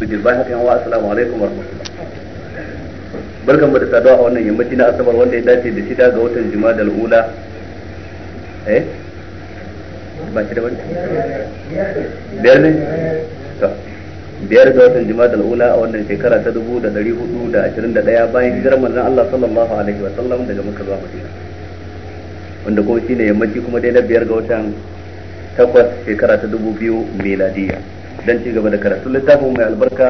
bijir bayan haka yawa assalamu alaikum barkan mu da saduwa a wannan yammaci na asabar wanda ya dace da shida ga watan jumada al'ula eh ba shida ba biyar ne to biyar ga watan jumada al'ula a wannan shekara ta dubu da dari hudu da ashirin da ɗaya bayan hijirar manzon Allah sallallahu alaihi wa sallam daga Makka zuwa Madina wanda kuma shine yammaci kuma dai na biyar ga watan takwas shekara ta dubu biyu miladiya dan ci gaba da karatu littafin mai albarka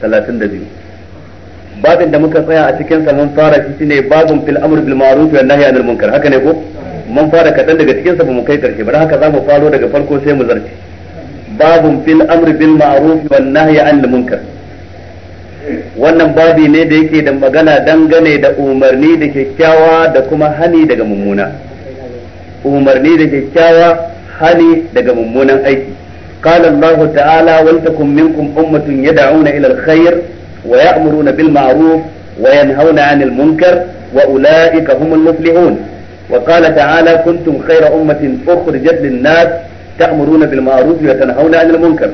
talatin da biyu babin da muka tsaya a cikin sa mun fara shi shine babun fil amr bil ma'ruf wa nahy anil munkar haka ne ko mun fara kadan daga cikin sa mu kai karshe bari haka zamu faro daga farko sai mu zarce babun fil amr bil ma'ruf wa nahy anil munkar wannan babi ne da yake da magana dangane da umarni da kyakkyawa da kuma hani daga mummuna umarni da kyakkyawa hani daga mummunan aiki qala allah ta'ala wal takum minkum ummatun yad'una ila alkhair wa ya'muruna bil ma'ruf wa yanhauna 'anil munkar wa ulaika humul muflihun wa qala ta'ala kuntum khayra ummatin ukhrijat lin-nas ta'muruna bil ma'ruf wa tanhauna 'anil munkar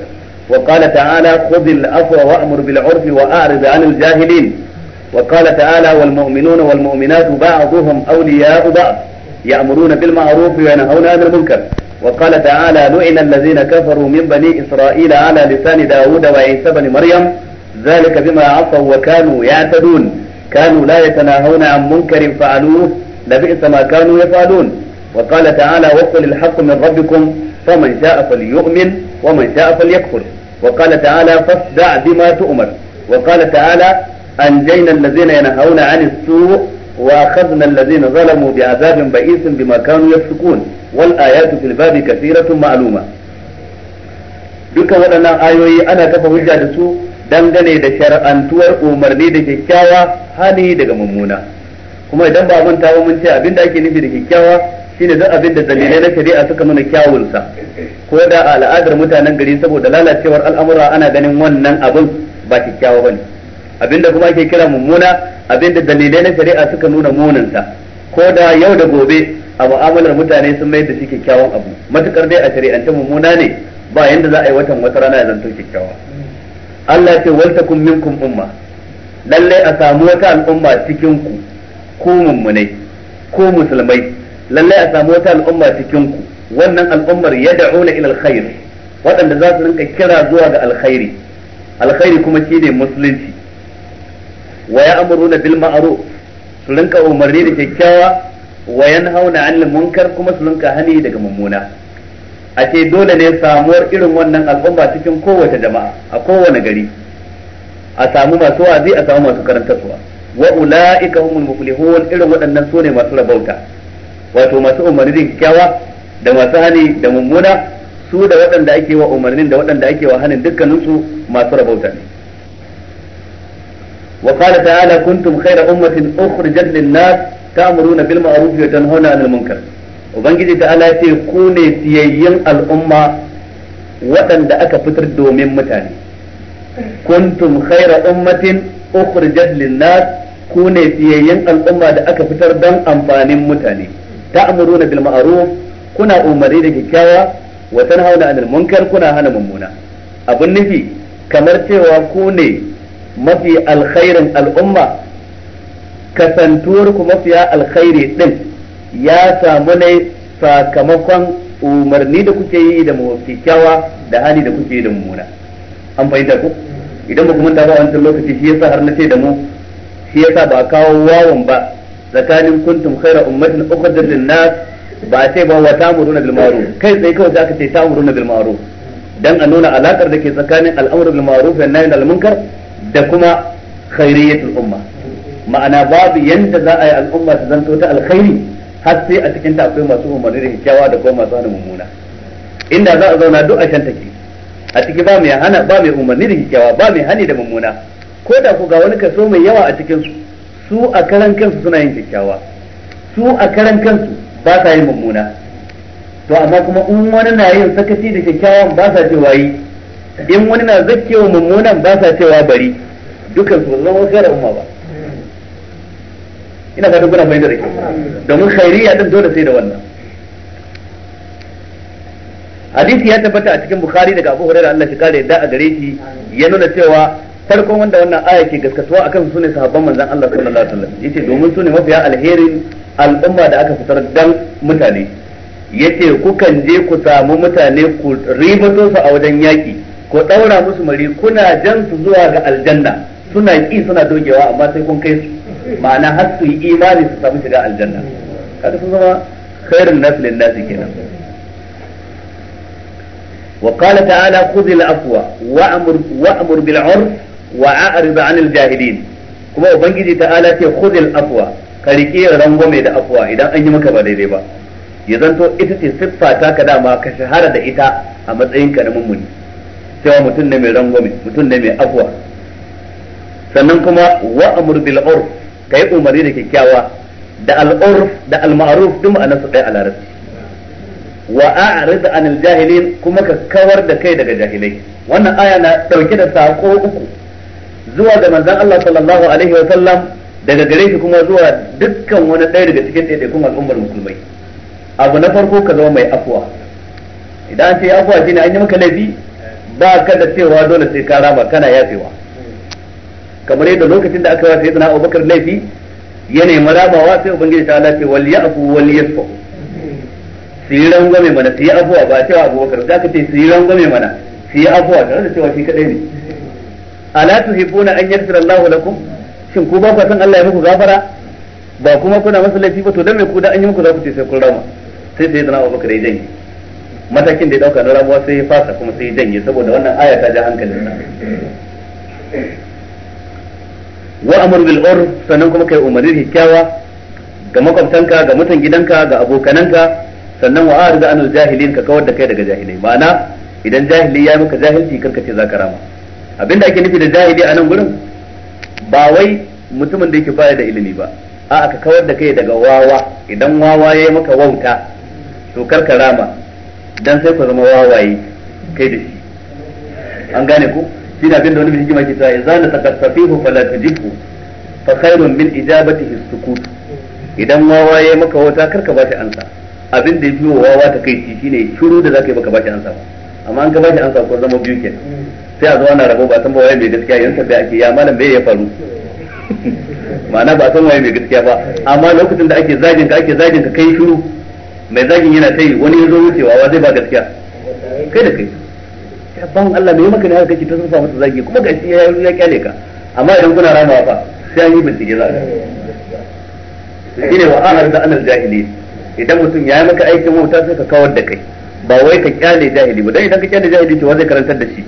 وقال تعالى خذ العفو وأمر بالعرف وأعرض عن الجاهلين وقال تعالى والمؤمنون والمؤمنات بعضهم أولياء بعض يأمرون بالمعروف وينهون عن المنكر وقال تعالى لعن الذين كفروا من بني إسرائيل على لسان داود وعيسى بن مريم ذلك بما عصوا وكانوا يعتدون كانوا لا يتناهون عن منكر فعلوه لبئس ما كانوا يفعلون وقال تعالى وقل الحق من ربكم فمن شاء فليؤمن ومن شاء فليكفر وقال تعالى فاصدع بما تؤمر وقال تعالى أنجينا الذين ينهون عن السوء وأخذنا الذين ظلموا بعذاب بئيس بما كانوا يفسقون والآيات في الباب كثيرة معلومة duka waɗannan ayoyi ana kafa hujja da su dangane da shar'antuwar umarni da kyakkyawa hali daga mummuna kuma idan ba mun tawo mun ce abin da ake nufi da kyakkyawa shine duk abin da dalilai na shari'a suka nuna kyawunsa ko da al'adar mutanen gari saboda lalacewar al'amura ana ganin wannan abin ba kyakkyawa bane abinda kuma ake kira mummuna abinda dalilai na shari'a suka nuna munanta ko da yau da gobe a mu'amalar mutane sun mai da shi kyakkyawan abu matukar dai a ta mummuna ne ba yanda za a yi watan wata rana ya zanto kyakkyawa Allah ce wal takum minkum umma lalle a samu wata al'umma cikin ku ku mummunai ku musulmai lalle a samu wata al'umma cikin ku wannan al'ummar ya yad'una ila alkhair waɗanda za su rinka kira zuwa ga alkhairi alkhairi kuma shine musulunci wa ya'muruna bil ma'ruf su rinka umarni da kyakkyawa wa yanhauna 'anil munkar kuma su rinka hani daga mummuna a dole ne samuwar irin wannan al'umma cikin kowace jama'a a kowane gari a samu masu wazi a samu masu karantarwa wa ula'ika humul muflihun irin waɗannan su ne masu rabauta wato masu umarnin kyakkyawa da masu hani da mummuna su da waɗanda ake wa umarnin da waɗanda ake wa hanin dukkaninsu masu rabauta ne وقال تعالى كنتم خير أمة أخرجت للناس تأمرون بالمعروف وتنهون عن المنكر ubangiji ta ala ce ku ne siyayyen al'umma waɗanda aka fitar mutane kuntum khaira ummatin ukhrijat linnas ku ne siyayyen al'umma da aka fitar don amfanin mutane ta'muruna bil ma'ruf kuna umari da kyakkyawa wa tanhauna 'anil kuna hana mummuna abun nufi kamar cewa kune. mafi alkhairin al'umma kasantuwarku mafiya alkhairi din ya samu ne sakamakon umarni da kuke yi da kyakkyawa da hali da kuke yi da mummuna an fahimta ku idan ba manta ba wancan lokaci shi yasa har na ce da mu shi yasa ba kawo wawan ba tsakanin kuntum khaira ummatin ukhrijat lin-nas ba sai ba wa ta'muruna bil ma'ruf kai sai kawai zaka ce ta'muruna bil ma'ruf dan a nuna alakar da ke tsakanin al'amru bil ma'ruf wa nahyi anil munkar da kuma khairiyatul umma ma'ana babu yanda za a yi al'umma ta zanto ta alkhairi har sai a cikin ta akwai masu umarni da kyakkyawa da kuma masu hana mummuna inda za a zauna duk a shan take a ciki ba mai hana ba mai umarni da kyakkyawa ba mai hani da mummuna ko da ku ga wani kaso mai yawa a cikin su su a karan kansu suna yin kyakkyawa su a karan kansu ba sa yin mummuna to amma kuma in wani na yin sakaci da kyakkyawan ba sa cewa yi in wani na wa mummunan ba sa cewa bari dukkan su zama yara umma ba ina ka kuna fahimta da ke domin khairiyya din dole sai da wannan hadisi ya tabbata a cikin bukhari daga abu hurairah Allah shi kare da a gare shi ya nuna cewa farkon wanda wannan aya ke gaskatuwa akan su ne sahabban manzon Allah sallallahu alaihi wasallam yace domin su ne mafiya alherin al'umma da aka fitar dan mutane yace kukan je ku samu mutane ku ribato su a wajen yaki ko daura musu mari kuna jan su zuwa ga aljanna suna ki suna dogewa amma sai kun kai su ma'ana har su yi imani su samu shiga aljanna kada sun zama khairun nas lin kenan wa qala ta'ala khudhil afwa wa'mur wa'mur bil 'urf wa a'rid 'anil jahilin kuma ubangiji ta'ala ce khudhil afwa ka riƙe rangwame da afuwa idan an yi maka ba daidai ba ya zanto ita ce siffa ta ka dama ka shahara da ita a matsayin ka na mummuni cewa mutum ne mai rangwame mutum ne mai afuwa sannan kuma wa amur bil urf kai umari da kyakkyawa da al urf da al ma'ruf duk ma'anar su ɗaya a larabci wa a'rid anil jahilin kuma ka kawar da kai daga jahilai wannan aya na dauke da sako uku zuwa ga manzon Allah sallallahu alaihi wa sallam daga gare shi kuma zuwa dukkan wani ɗaya daga cikin kuma al'ummar musulmai abu na farko ka zama mai afwa idan an ce afwa shine an yi maka laifi ba ka da cewa dole sai ka rama kana yafewa kamar yadda lokacin da aka wa sayyidina Abubakar laifi ya nemi ramawa sai ubangiji ta Allah ce wal ya'fu wal yasfu su yi rangwame mana su yi afuwa ba cewa Abubakar za ka ce su yi rangwame mana su yi afuwa tare da cewa shi kadai ne ala tuhibuna an yaghfira Allahu lakum shin ku ba ku san Allah ya muku gafara ba kuma kuna masa laifi ba to dan me ku da an yi muku za ku ce sai kun rama sai sayyidina Abubakar ya janye matakin da ya dauka na ramuwa sai ya fasa kuma sai ya janye saboda wannan aya ta ja hankalin sa wa amr bil ur sannan kuma kai umarni kyakkyawa ga makwabtanka ga mutan gidanka ga abokananka sannan wa arda anil jahilin ka kawar da kai daga jahilai ma'ana idan jahili ya maka jahilci karka ce zaka rama abinda ake nufi da jahili a nan gurin ba wai mutumin da yake baya da ilimi ba A'a ka kawar da kai daga wawa idan wawa ya yi maka wauta to karka rama dan sai ku zama wawaye kai da shi an gane ku shi na abin da wani hikima ke cewa idza nataqaffahu fala tujibu fa khairun min ijabatihi sukut idan wawaye maka wata karka ka bashi ansa abin da ya biyo wawa ta kai shi shine shiru da zaka yi baka bashi shi ansa amma an ka bashi ansa ko zama biyu kenan sai a zo ana rabo ba san ba waye mai gaskiya yan tabbaya ake ya malam bai ya faru ma'ana ba san waye mai gaskiya ba amma lokacin da ake zagin ka ake zagin ka kai shiru mai zagin yana ta yi wani ya zo wucewa wa zai ba gaskiya kai da kai ban Allah mai maka ne haka kake ta zurfa masa zagi kuma ga shi ya ya kyale ka amma idan kuna ramawa fa sai an yi bincike za ka shine wa ahar da anal jahili idan mutum ya yi maka aikin wauta sai ka kawar da kai ba wai ka kyale jahili ba dan idan ka kyale jahili to wa zai karantar da shi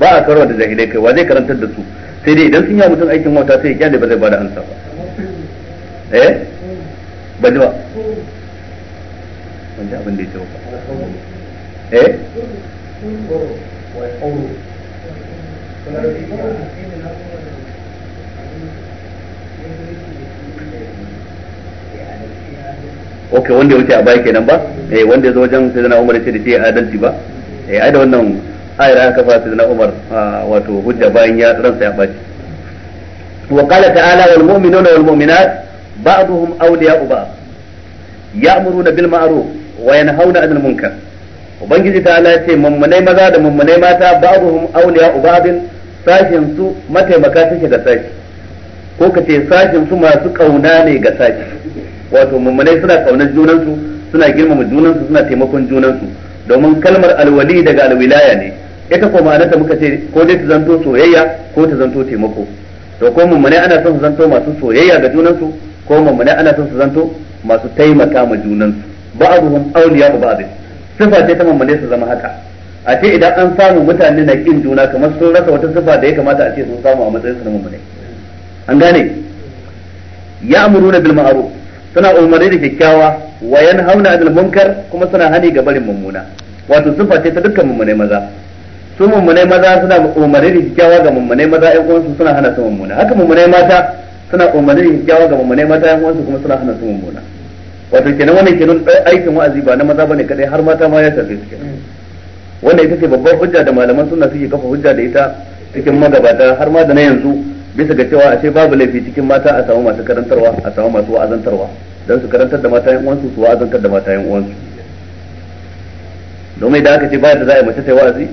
ba a karwa da jahilai kai wa zai karantar da su sai dai idan sun yi mutum aikin wauta sai ya kyale ba zai bada ansa ba eh ba ba ban ji abin da ba eh ok wanda ya wuce a baya kenan ba eh wanda ya zo wajen na Umar ya ce da ya adalci ba eh ai da wannan ayar aka kafa na Umar wato hujja bayan ya ransa ya baci wa qala ta'ala wal mu'minuna wal mu'minat ba'duhum awliya'u ba'd ya'muruna bil ma'ruf wa yanhauna 'anil munkar ubangiji ta Allah ce mummunai maza da mummunai mata ba'dhum awliya ba'din sashin su mataimaka take ga sashi ko ka ce sashin su masu kauna ne ga sashi wato mummunai suna kaunar junan su suna girmama junan su suna taimakon junan su domin kalmar alwali daga alwilaya ne ita ko ma'anarta muka ce ko dai ta zanto soyayya ko ta zanto taimako to ko mummunai ana son su zanto masu soyayya ga junan su ko mummunai ana son su zanto masu taimaka ma junan su awliya awliya'u ba'd sifa ce ta mamale su zama haka a ce idan an samu mutane na kin juna kamar sun rasa wata sifa da ya kamata a ce sun samu a matsayin su na mamale an gane ya ya'muruna bil ma'ruf suna umarni da kyakkyawa wa yanhauna 'anil munkar kuma suna hani ga barin mummuna wato sifa ce ta dukkan mummune maza su mummune maza suna umarni da kyakkyawa ga mummune maza ƴan uwansu suna hana su mummuna haka mummune mata suna umarni da kyakkyawa ga mummune mata ƴan uwansu kuma suna hana su mummuna wato kenan wannan kenan aikin wa'azi ba na maza bane kadai har mata ma ya tafi su kenan wannan ita ce babbar hujja da malaman suna suke kafa hujja da ita cikin magabata har ma da na yanzu bisa ga cewa ashe babu laifi cikin mata a samu masu karantarwa a samu masu wa'azantarwa dan su karantar da mata yan uwansu su wa'azantar da mata yan uwansu domin da aka ce ba da za a yi mace ta wa'azi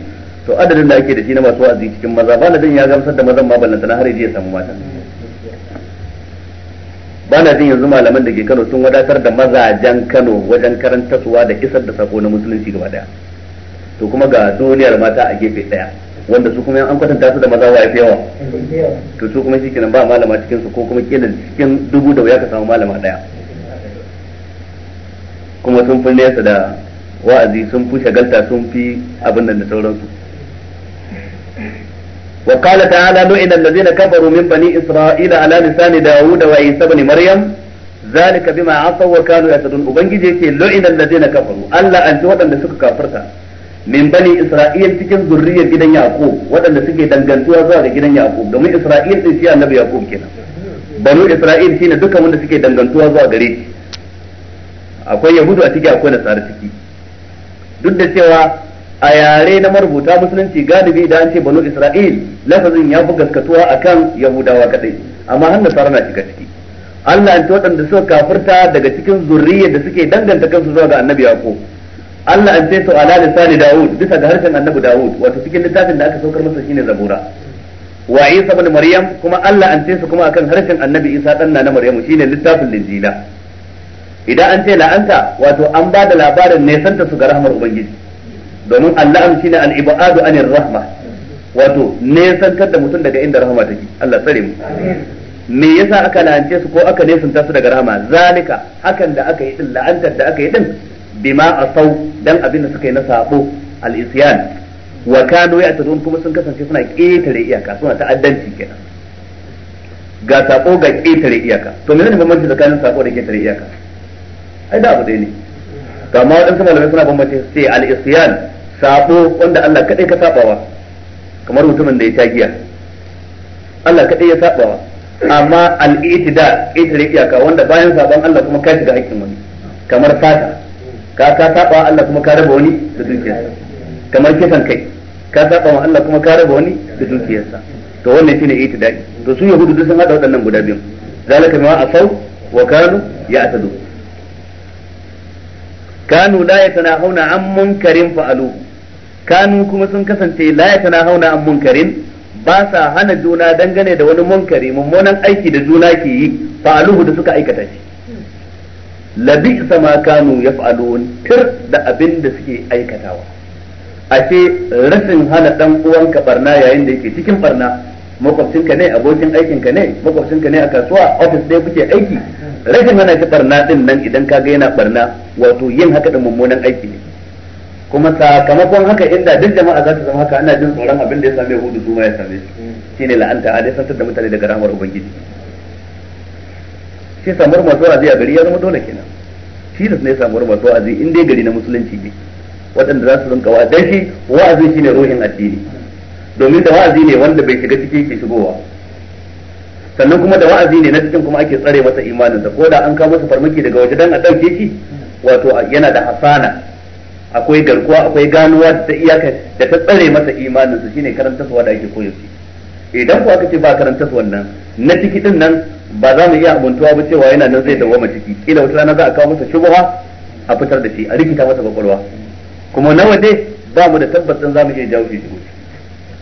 to adadin da ake da shi na masu wa'azi cikin maza ba na jin ya gamsar da mazan ma ballantana har ya samu mata ba na jin yanzu malaman da ke Kano sun wadatar da mazajen Kano wajen karantarwa da isar da sako na musulunci gaba daya to kuma ga duniyar mata a gefe daya wanda su kuma an kwatanta su da maza wa yawa to su kuma shikenan ba malama cikin su ko kuma kila cikin dubu da wuya ka samu malama daya kuma sun fi nesa da wa'azi sun fi shagalta sun fi abin nan da sauransu وقال تعالى لئن الذين كفروا من بني إسرائيل على لسان داود وعيسى بن مريم ذلك بما عصوا وكانوا يعتدون وبنجي يتي لئن الذين كفروا ألا أنت وطن لسك كافرتا من بني إسرائيل تكن ذرية جدا يعقوب وطن سك دنجنتوا زارة جدا يعقوب دومي إسرائيل تنسيا النبي يعقوب كنا بنو إسرائيل شين دكا من سك دنجنتوا زارة جريت shi akwai yahudu a ciki akwai nasara ciki duk da cewa a yare na marubuta musulunci galibi da an ce banu isra'il lafazin ya fi gaskatuwa akan yahudawa kadai amma har nasara na shiga ciki Allah an waɗanda suka kafirta daga cikin zurriya da suke danganta kansu zuwa ga annabi yaqub Allah an ce su ala lisani daud bisa ga harshen annabi daud wato cikin littafin da aka saukar masa shine zabura wa isa ibn maryam kuma Allah an ce su kuma akan harshen annabi isa dan na maryam shine littafin linjila idan an ce la'anta wato an ba da labarin nesanta su ga rahmar ubangiji domin Allah shine al-ibadu anir rahma wato san da mutum daga inda rahama take Allah tsare mu me yasa aka la'ance su ko aka nesanta su daga rahama zalika hakan da aka yi din la'antar da aka yi din bima asau dan abin da suka yi na sabo al-isyan wa kanu ya'tadun kuma sun kasance suna ƙetare iyaka suna ta'addanci kenan ga sabo ga ƙetare iyaka to menene bambanci tsakanin sabo da ƙetare iyaka ai da abu dai ne ga ma wadansu malamai suna bambance sai al-isyan sabo wanda Allah kadai ka sabawa kamar mutumin da ya sha giya Allah kadai ya sabawa amma al-itida itire iyaka wanda bayan saban Allah kuma ka shiga haƙƙin wani kamar fata ka ka saba Allah kuma ka raba wani da dukiyarsa kamar kisan kai ka saba wa Allah kuma ka raba wani da dukiyarsa to wannan shine itida to su yahudu duk sun hada waɗannan guda biyu zalika ma asau wa kanu ya'tadu kanu la yatanahuna an munkarin fa'aluhu kanu kuma sun kasance la hauna an munkarin ba sa hana juna dangane da wani munkari mummunan aiki da juna ke yi fa'aluhu da suka aikata shi labi sama kanu yaf'alun tir da abin da suke aikatawa A ashe rashin hana dan uwanka barna yayin da yake cikin barna makwabcinka ne abokin aikinka ne makwabcinka ne a kasuwa ofis ɗaya kuke aiki rashin hana shi barna din nan idan ka ga yana barna wato yin haka da mummunan aiki ne kuma sakamakon haka inda duk jama'a za su zama haka ana jin tsoron abin da ya same hudu su ma ya same shi shine la'anta a dai santar da mutane daga ramar ubangiji shi samuwar masu wa'azi a gari ya zama dole kenan tilas ne samuwar masu wa'azi in dai gari na musulunci ne waɗanda za su rinka wa dan shi wa'azi shine ruhin addini domin da wa'azi ne wanda bai shiga ciki ke shigowa sannan kuma da wa'azi ne na cikin kuma ake tsare masa imaninsa ko da an kawo masa farmaki daga waje dan a ɗauke shi wato yana da hasana akwai garkuwa akwai ganuwa da iyaka da ta tsare masa imanin su shine karantarwa da ake koyo idan ku aka ce ba karantarwa wannan, na ciki din nan ba za mu iya abuntuwa ba cewa yana nan zai dawoma ciki kila wata rana za a kawo masa shubuha a fitar da shi a rikita masa kwakwalwa kuma nawa ne ba mu da tabbacin za mu iya jawo shi shi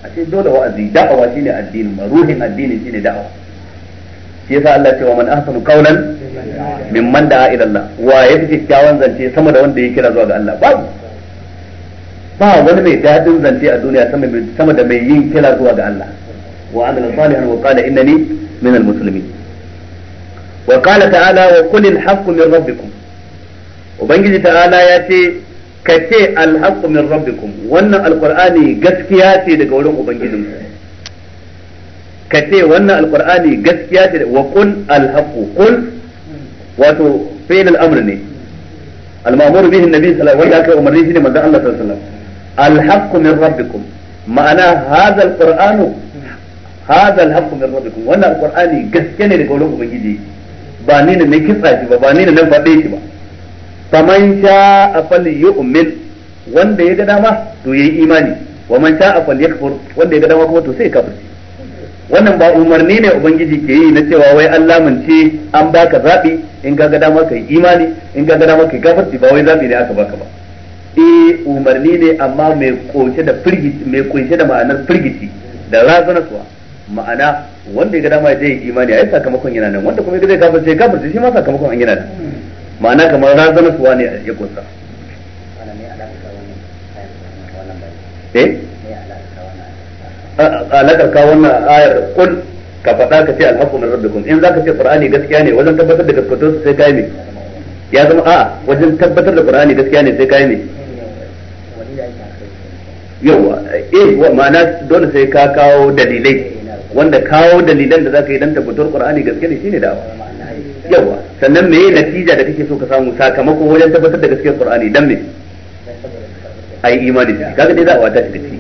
a ce dole wa'azi da'awa shine addinin ma ruhin addinin shine da'awa shi yasa Allah ce wa man ahsanu qawlan mimman da'a ila Allah wa yafi kyakkyawan zance sama da wanda ya kira zuwa ga Allah babu ba wani mai dadin zance a duniya sama da mai yin kira zuwa ga Allah wa amila salihan wa qala innani min almuslimin wa qala ta'ala wa qul alhaqqu min rabbikum ubangiji ta'ala ya ce ka ce alhaqqu min rabbikum wannan alqur'ani gaskiya ce daga wurin ubangijinku ka ce wannan alqur'ani gaskiya ce wa kun alhaqu kun wato fi'l al-amr ne al-ma'mur bihi an-nabi sallallahu alaihi wasallam wanda aka umarni shi ne manzon Allah sallallahu alaihi wasallam alhaqu min rabbikum ma'ana hadha alqur'anu hadha alhaqu min rabbikum wannan alqur'ani gaskiya ne daga wurin ubangiji ba ni ne mai kitsa shi ba ba ni ne nan faɗe shi ba faman sha'a falyu'min wanda ya ga dama to yayi imani wa man sha'a falyakfur wanda ya ga dama kuma to sai ya kafirce wannan ba umarni ne ubangiji ke yi na cewa wai an lamunce an baka zabi in ka ga dama kai imani in ka ga dama kai gafarci ba wai zabi ne aka baka ba eh umarni ne amma mai kunshe da firgici mai kunshe da ma'anar firgici da suwa ma'ana wanda ya ga dama zai yi imani ai sakamakon yana nan wanda kuma ya zai gafarce gafarce shi ma sakamakon an yana nan ma'ana kamar suwa ne ya kunsa eh alakar ka wannan ayar kul ka faɗa ka ce alhaqqu min rabbikum in zaka ce qur'ani gaskiya ne wajen tabbatar da gaskiyar sai kai ne ya zama a'a wajen tabbatar da qur'ani gaskiya ne sai kai ne yawa eh wa ma'ana dole sai ka kawo dalilai wanda kawo dalilan da zaka yi dan tabbatar qur'ani gaskiya ne shine da'awa yawa sannan meye natija da kake so ka samu sakamako wajen tabbatar da gaskiyar qur'ani dan me ai imani kaga dai da'awa wata shi da shi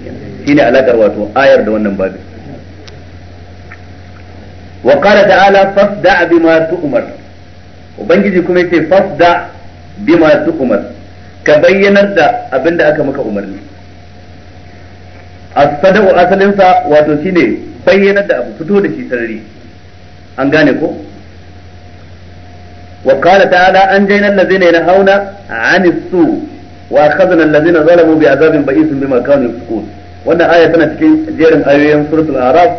shine alakar wato ayar da wannan babin wa qala ta'ala fasda bima tu'mar ubangiji kuma yace fasda bima tu'mar ka bayyanar da abinda aka maka umarni as-sadaqu asalinsa wato shine bayyanar da abu fito da shi sarari an gane ko ta'ala wa وقال تعالى أنجينا الذين ينهون عن السوء وأخذنا الذين ظلموا بعذاب بئيس بما كانوا يفسقون wannan aya tana cikin jerin ayoyin suratul araf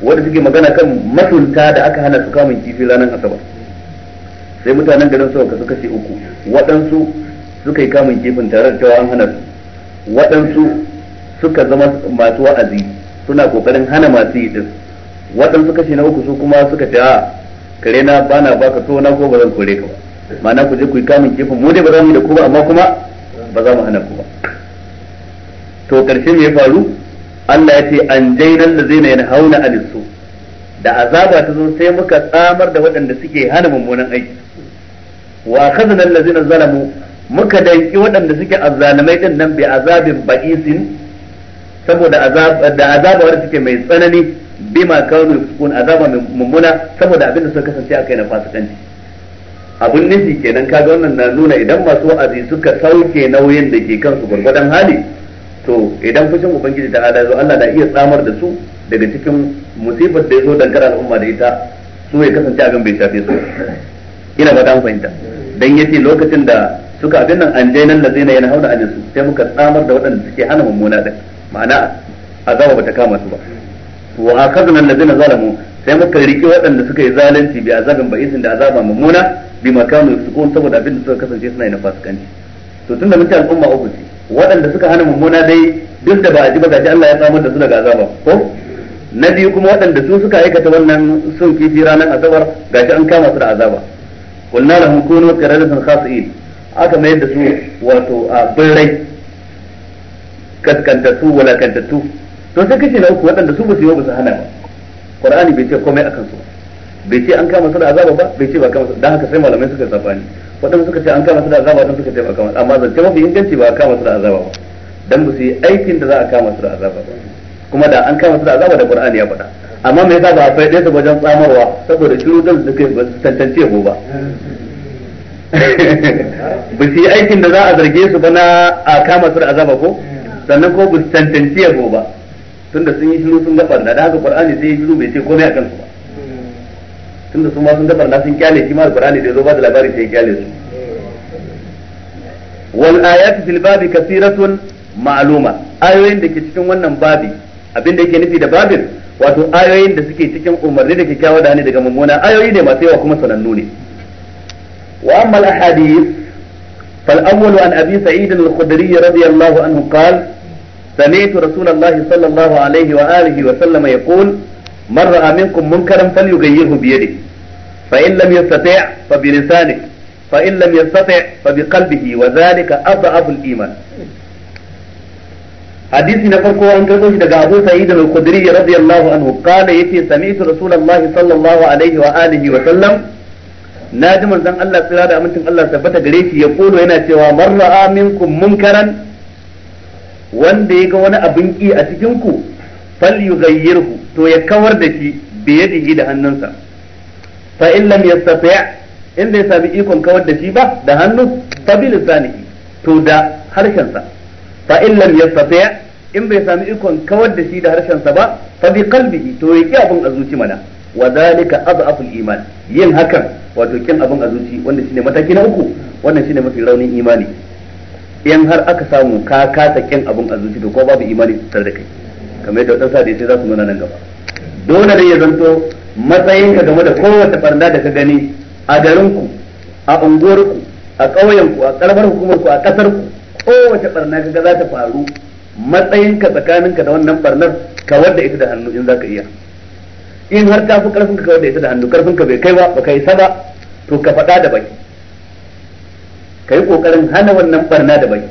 wanda suke magana kan masunta da aka hana su kamun kifi ranar asabar sai mutanen garin suka kasu kashe uku waɗansu suka yi kamun kifin tare da cewa an hana su waɗansu suka zama masu wa'azi suna kokarin hana masu yi din waɗansu kashi na uku su kuma suka ce a kare na bana baka to na ko ba zan kore ka ba ma'ana ku je ku yi kamun kifin mu dai ba za mu yi da ku ba amma kuma ba za mu hana ku ba to karshe me ya faru Allah ya ce an jainan da zai na hauna alisu da azaba ta zo sai muka tsamar da waɗanda suke hana mummunan aiki wa khazana allazina zalamu muka danki waɗanda suke azzalimai din nan bai azabin ba'isin saboda da azaba wanda suke mai tsanani bima kanu sukun azaba mai mummuna saboda abinda da suka kasance kai na fasikanci abun nufi kenan kaga wannan na nuna idan masu wa'azi suka sauke nauyin da ke kansu gwargwadon hali to idan fushin ubangiji ta ala zo Allah na iya tsamar da su daga cikin musibar da ya zo dankar al'umma da ita su ya kasance abin bai shafe su ina ba dan fahimta dan yace lokacin da suka abin nan an jainan da zai na yana hauna su sai muka tsamar da waɗanda suke hana mummuna din ma'ana azaba bata kama su ba wa akadna allazina zalamu sai muka rike waɗanda suka yi zalunci bi azabin izin da azaba mummuna bi makamu yusukun saboda abin da suka kasance suna yin fasikanci to tunda mutum al'umma uku waɗanda suka hana mummuna dai duk da ba a ji ba gashi Allah ya samar da su daga azaba ko na biyu kuma waɗanda su suka aikata wannan sun kifi ranar asabar gashi an kama su da azaba qulna lahum kunu qiradatan khasi'in aka mayar da su wato a birrai kaskantattu walakantattu to sai kace na uku waɗanda su ba su yi ba su hana ba qur'ani bai ce komai akan su ba bai ce an kama su da azaba ba bai ce ba kama su dan haka sai malamai suka safani waɗanda suka ce an kama su da azaba dan suka ce ba kama su amma zance mafi inganci ba kama su da azaba ba dan ba su yi aikin da za a kama su da azaba ba kuma da an kama su da azaba da Qur'ani ya faɗa amma me yasa ba a faɗe su wajen tsamarwa saboda shiru dan da ke tantance ko ba ba su yi aikin da za a zarge su ba na a kama su da azaba ko sannan ko ba su tantance ko ba tunda sun yi shiru sun gabar da haka Qur'ani sai yi shiru bai ce komai a kansu ba tunda su ma sun ga na sun kyale shi ma alqur'ani da zo ba da labari sai kyale su wal ayatu fil babi kathiratun ma'luma ayoyin da ke cikin wannan babi abin da yake nufi da babin wato ayoyin da suke cikin umarni da kyakkyawa da hani daga mummuna ayoyi ne masu yawa kuma sanannu ne wa amma al ahadith fal awwalu an abi sa'id al khudri radiyallahu anhu qala سمعت رسول الله صلى الله عليه وآله وسلم يقول من رأى منكم منكرا فليغيره بيده fa in lam yastati' fa bi lisanihi fa in lam yastati' fa bi qalbihi wa zalika adhafu al-iman hadisi na farko an karɓo shi daga Abu Sa'id al-Khudri radiyallahu anhu kana yace sami'tu Rasulullah sallallahu alaihi wa wa sallam na ji manzon Allah tsira da amincin Allah tabbata gare shi ya kolo yana cewa man ra'a minkum munkaran wanda ya ga wani abin ki a cikin ku falyughayyirhu to ya kawar da shi bi yadihi da hannunsa fa in lam yastati' in bai sami ikon kawar da shi ba da hannu fa bil lisanihi to da harshen sa fa in lam yastati' in bai sami ikon kawar da shi da harshen sa ba fa bi qalbihi to ya ki abun a zuci mana wa zalika adhaful iman yin hakan wato kin abun a zuci wanda shine mataki na uku wannan shine mafi raunin imani in har aka samu ka kasa kin abun a zuci to ko babu imani tare da kai kamar yadda wadansu hadisi za su nuna nan gaba dole ne ya zanto matsayinka game da kowace barna da ka gani a garinku a unguwarku a ƙauyenku a ƙaramar hukumarku a ƙasarku kowace barna kaga za ta faru matsayinka tsakaninka da wannan barnar ka wadda ita da hannu in za ka iya in har ta fi karfin ka wadda ita da hannu karfin ka bai kai ba baka yi saba to ka faɗa da baki ka yi ƙoƙarin hana wannan barna da baki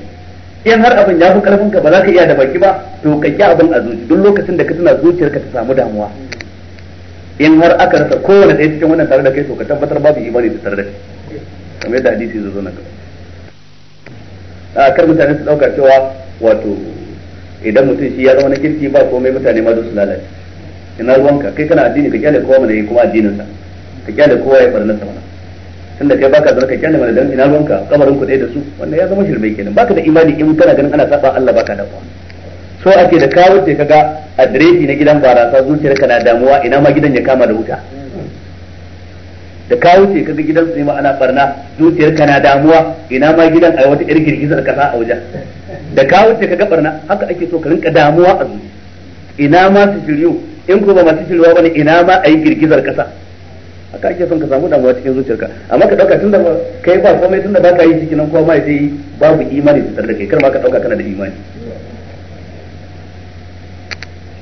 in har abin ya fi karfin ka ba za ka iya da baki ba to ka ki abin a zuci duk lokacin da ka tuna zuciyarka ta samu damuwa in har aka rasa kowane ɗaya cikin wannan tare da kai to ka tabbatar babu imani da tare da shi kamar yadda hadisi zai zo nan a kar mutane su dauka cewa wato idan mutum shi ya zama na kirki ba komai mutane ma su lalace ina ruwanka kai kana addini ka kyale kowa mana yi kuma addinin sa ka kyale kowa ya farnar sa mana tunda kai baka zama ka kyale mana dan ina ruwanka kamarin ku ɗaya da su wannan ya zama shirme kenan baka da imani in kana ganin ana saba Allah baka da kowa so ake da ka wuce kaga adireshi na gidan barasa zuciyar ka na damuwa ina ma gidan ya kama da wuta da ka wuce kaga gidan su ne ma'ana ana barna zuciyar ka na damuwa ina ma gidan ai wata irin girgizar kasa a wajen da ka wuce kaga barna haka ake so ka rinka damuwa a zuci ina ma su shiryu in ko ba masu shiryawa bane ina ma ai girgizar kasa haka ake son ka samu damuwa cikin zuciyarka amma ka dauka tunda kai ba komai tunda ba ka yi cikin nan kowa ma sai babu imani da tsarda da kai kar ma ka dauka kana da imani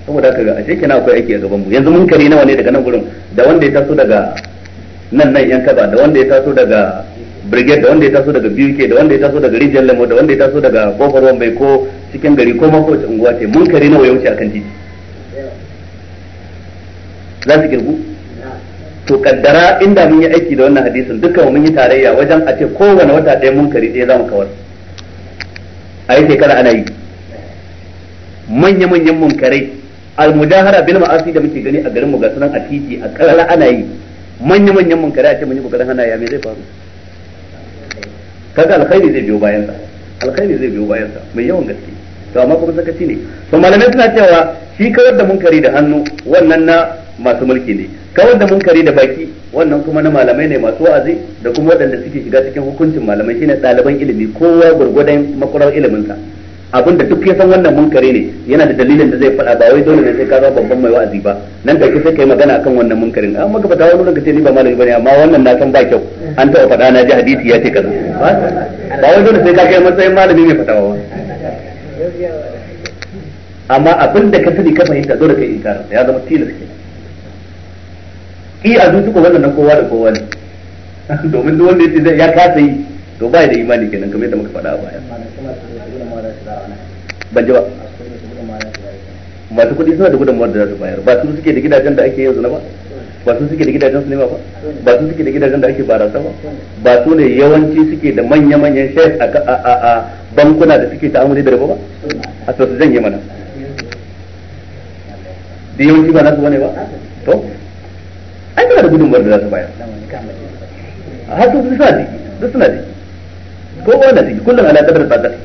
saboda haka ga ashe kenan akwai aiki a gaban mu yanzu mun kare nawa ne daga nan gurin da wanda ya taso daga nan nan yan kaba da wanda ya taso daga brigade da wanda ya taso daga BUK da wanda ya taso daga rijiyar Lemo da wanda ya taso daga kofar Wambai ko cikin gari ko mako wace unguwa ce mun kare nawa ya wuce akan titi za su girgu to kaddara inda mun yi aiki da wannan hadisin dukkan mun yi tarayya wajen a ce kowane wata ɗaya mun kare ɗaya za mu kawar a yi shekara ana yi manya-manyan munkarai almudahara bil ma'asi da muke gani a garin mu ga sunan a titi a kalala ana yi manya manyan munkari a ce mun kokarin hana ya me zai faru kaga alkhairi zai biyo bayan sa alkhairi zai biyo bayan sa mai yawan gaske to amma kuma sakaci ne to malamai suna cewa shi kawar da munkari da hannu wannan na masu mulki ne kawar da munkari da baki wannan kuma na malamai ne masu wa'azi da kuma waɗanda suke shiga cikin hukuncin malamai shine ɗaliban ilimi kowa gurgudan makwarar ilimin sa da duk ya san wannan munkari ne yana da dalilin da zai faɗa ba wai dole ne sai ka zama babban mai wa'azi ba nan take sai kai magana akan wannan munkarin amma ka fata wani ce ni ba malami bane amma wannan na san ba kyau an taɓa faɗa na ji hadisi ya ce kaza ba wai dole sai ka kai matsayin malami mai fatawa ba amma da ka sani ka fahimta dole kai inkara ya zama tilas ke ki a zuci ko wannan kowa da kowa ne domin duk wanda ya kasa yi to ba da imani kenan kamar yadda muka faɗa a baya ban ji ba masu kuɗi suna da gudunmawar da za su bayar ba su suke da gidajen da ake yin zina ba ba su suke da gidajen sinima ba ba su suke da gidajen da ake barasa ba ba su ne yawanci suke da manya-manyan shares a bankuna da suke ta'amuli da riba ba a to su janye mana da yawanci ba nasu bane ba to an tana da gudunmawar da za su bayar a su suna jiki ko ba da ciki kullum ala kadar sadaka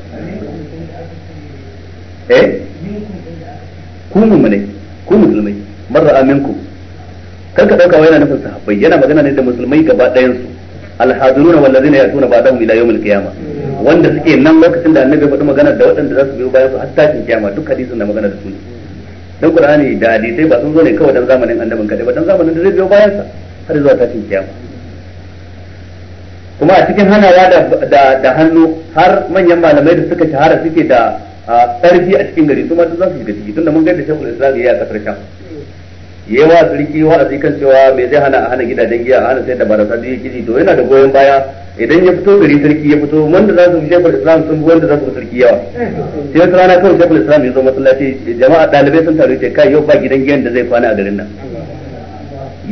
eh ku mu'minai ku musulmai marra aminku kar ka dauka wai yana nufin sahabbai yana magana ne da musulmai gaba ɗayan su alhaduruna wallazina yatuna ba'dahum ila yawmil qiyamah wanda suke nan lokacin da annabi ya faɗi magana da waɗanda za su biyo bayan su har tashin kiyama duk hadisin na magana da su ne dan qur'ani da hadisai ba sun zo ne kawai dan zamanin annabin kadai ba dan zamanin da zai biyo bayan sa har zuwa tashin kiyama kuma a cikin hanawa da hannu har manyan malamai da suka shahara suke da tsarki a cikin gari kuma za su shiga ciki tunda mun gaida shekul islam ya yi a kasar can ya yi wa wa wa'azi kan cewa me zai hana a hana gidajen giya a hana sai da barasa da yake to yana da goyon baya idan ya fito gari sarki ya fito wanda za su shekul islam sun wanda za su sarki yawa sai wata rana kawai shekul islam ya zo masallaci jama'a ɗalibai sun taru ce kai yau ba gidan giyan da zai kwana a garin nan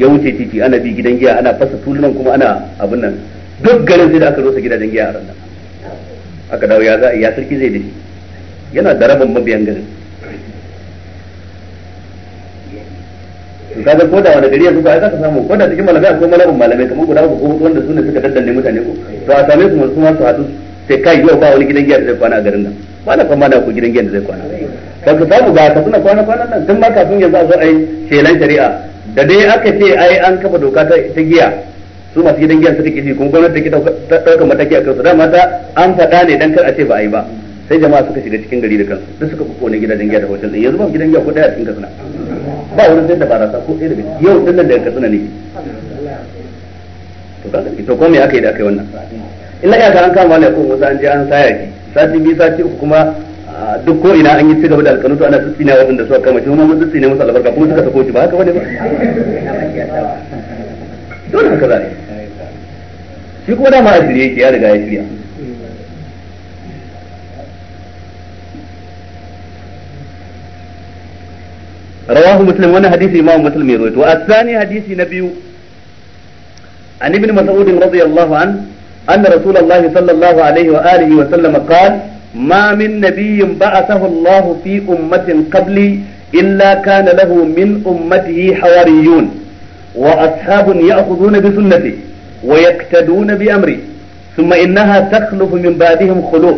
ya wuce titi ana bi gidan giya ana fasa tulunan kuma ana abin nan duk garin sai da aka rusa gidajen giya a ran nan aka dawo ya za ya sarki zai dashi yana da rabin mabiyan garin kaga ko da wani gari yanzu ba za ka samu ko da cikin malamai akwai malamin malamai kamar guda uku ko hudu wanda ne suka daddanne mutane ko to a same su masu masu haɗu sai kai yau ba wani gidan giya da zai kwana a garin nan ba na kwana gidan giya da zai kwana ba ka samu ba ka suna kwana kwana nan tun ma kafin yanzu a zo ai shelan shari'a da dai aka ce ai an kafa doka ta giya su masu gidan giyan suka kifi kuma gwamnati take ɗaukar mataki a kansu dama ta an faɗa ne dan kar a ce ba a yi ba sai jama'a suka shiga cikin gari da kansu duk suka fi kone gidajen giya da hotel din yanzu ba gidan giya ko daya a cikin kasuna ba wani sai da barasa ko ɗaya daga yau din nan daga kasuna ne to kaga to ko me aka yi da aka yi wannan in na an kama ne ko musa an je an saya ki sati biyu sati uku kuma duk ko ina an yi cigaba da alƙanutu ana tsitsina waɗanda suka kama shi kuma mun tsitsina musu albarka kuma suka sako shi ba haka bane ba dole haka zai shi kuma dama a shirye yake ya riga ya shirya rawahu muslim wannan hadisi imamu muslim ya rawaito asani hadisi na biyu an ibn mas'ud radiyallahu an anna rasulullahi sallallahu alaihi wa alihi wa sallam qala ma min nabiyyin ba'athahu Allah fi ummatin qabli illa kana lahu min ummatihi hawariyun wa ashabun ya'khuduna bi ويقتدون بأمره ثم إنها تخلف من بعدهم خلوف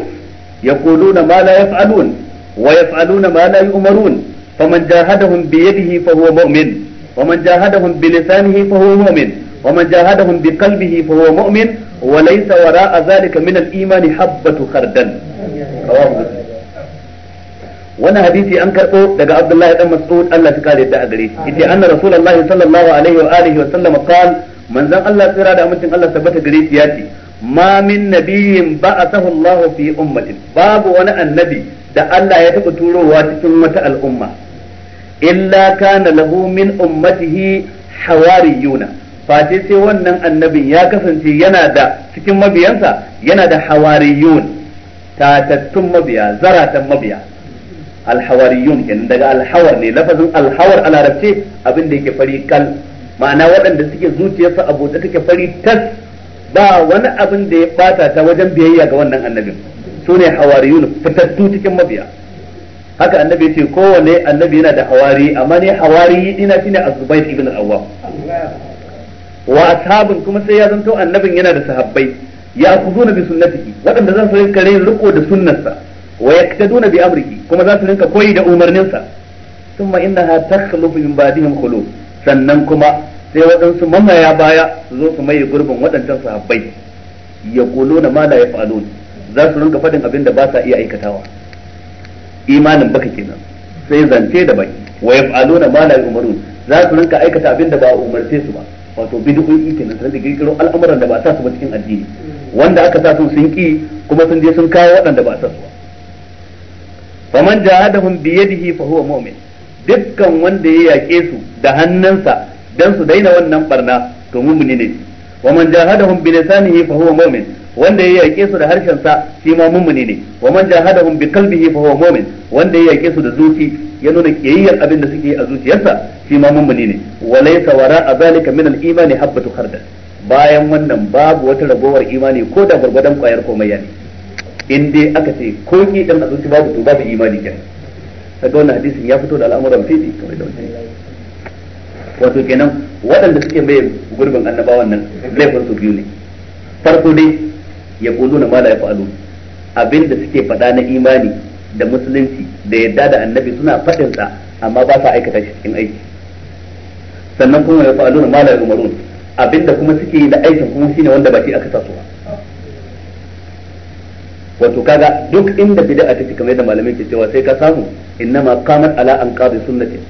يقولون ما لا يفعلون ويفعلون ما لا يؤمرون فمن جاهدهم بيده فهو مؤمن ومن جاهدهم بلسانه فهو مؤمن ومن جاهدهم بقلبه فهو مؤمن وليس وراء ذلك من الإيمان حبة خردل رواه wannan hadisi an karɓo daga Abdullahi dan Mas'ud Allah ya kare da a gare shi yace anna Rasulullahi sallallahu alaihi wa alihi wa sallam qala manzon Allah tsira da amincin Allah tabbata gare shi ya ce ma min nabiyyin ba'athahu Allah fi ummatin babu wani annabi da Allah ya taɓa turowa cikin wata al'umma illa kana lahu min ummatihi hawariyuna face sai wannan annabin ya kasance yana da cikin mabiyansa yana da hawariyun tatattun mabiya zaratan mabiya alhawariyun kenan daga alhawar ne lafazin alhawar a larabce abin da yake fari kal ma'ana waɗanda suke zuciyarsa a buɗe take fari tas ba wani abin da ya bata ta wajen biyayya ga wannan annabin su ne hawariyun fitattu cikin mabiya haka annabi ya ce kowane annabi yana da hawari amma ne hawari dina shine azubair ibn awwam wa kuma sai ya zanto annabin yana da sahabbai ya na bi sunnatihi waɗanda zan su rinka riko da sunnarsa wa yaktaduna bi amurki kuma za su rinka koyi da umarninsa ina ha takhlufu min ba'dihim khuluf sannan kuma sai waɗansu mamaya baya su zo su maye gurbin waɗancan sahabbai ya kulo na ma la ya fa'alun za su rinka faɗin abin da ba sa iya aikatawa imanin baka kenan sai zance da baki wa ya na ma la ya umaru za su rinka aikata abin da ba a umarce su ba wato bid'o'i kenan sai da kirkiro al'amuran da ba sa su ba cikin addini wanda aka sa su sun ki kuma sun je sun kawo waɗanda ba sa su ba faman jahadahum biyadihi fa huwa mu'min dukkan wanda ya yaƙe su da hannunsa dan su daina wannan barna to muni ne wa man jahadahum bi lisanihi fa huwa mu'min wanda ya yaƙe su da harshen sa shi ma muni ne wa man jahadahum bi qalbihi fa huwa mu'min wanda ya yaƙe su da zuci ya nuna kiyayyar abin da suke a zuciyarsa shi ma muni ne wa laysa wara azalika min al-imani habbatu khardal bayan wannan babu wata rabuwar imani ko da gurgurdan kwayar komai ya ne in dai aka ce ko ki dan a babu to babu imani kenan kaga wannan hadisin ya fito da al'amuran fiɗi. kamar da wannan wato kenan waɗanda suke mai gurbin annabawan nan laifin su biyu ne farko dai ya kulu na mala ya fa'alu abinda suke faɗa na imani da musulunci da yadda da annabi suna faɗin sa amma ba sa aikata shi cikin aiki sannan kuma ya fa'alu na mala ya umarun abinda kuma suke yi da aikin kuma shine wanda ba shi aka sa wato kaga duk inda bid'a take kamar yadda malamin ke cewa sai ka samu Inna ma qamat ala an anqadi sunnatin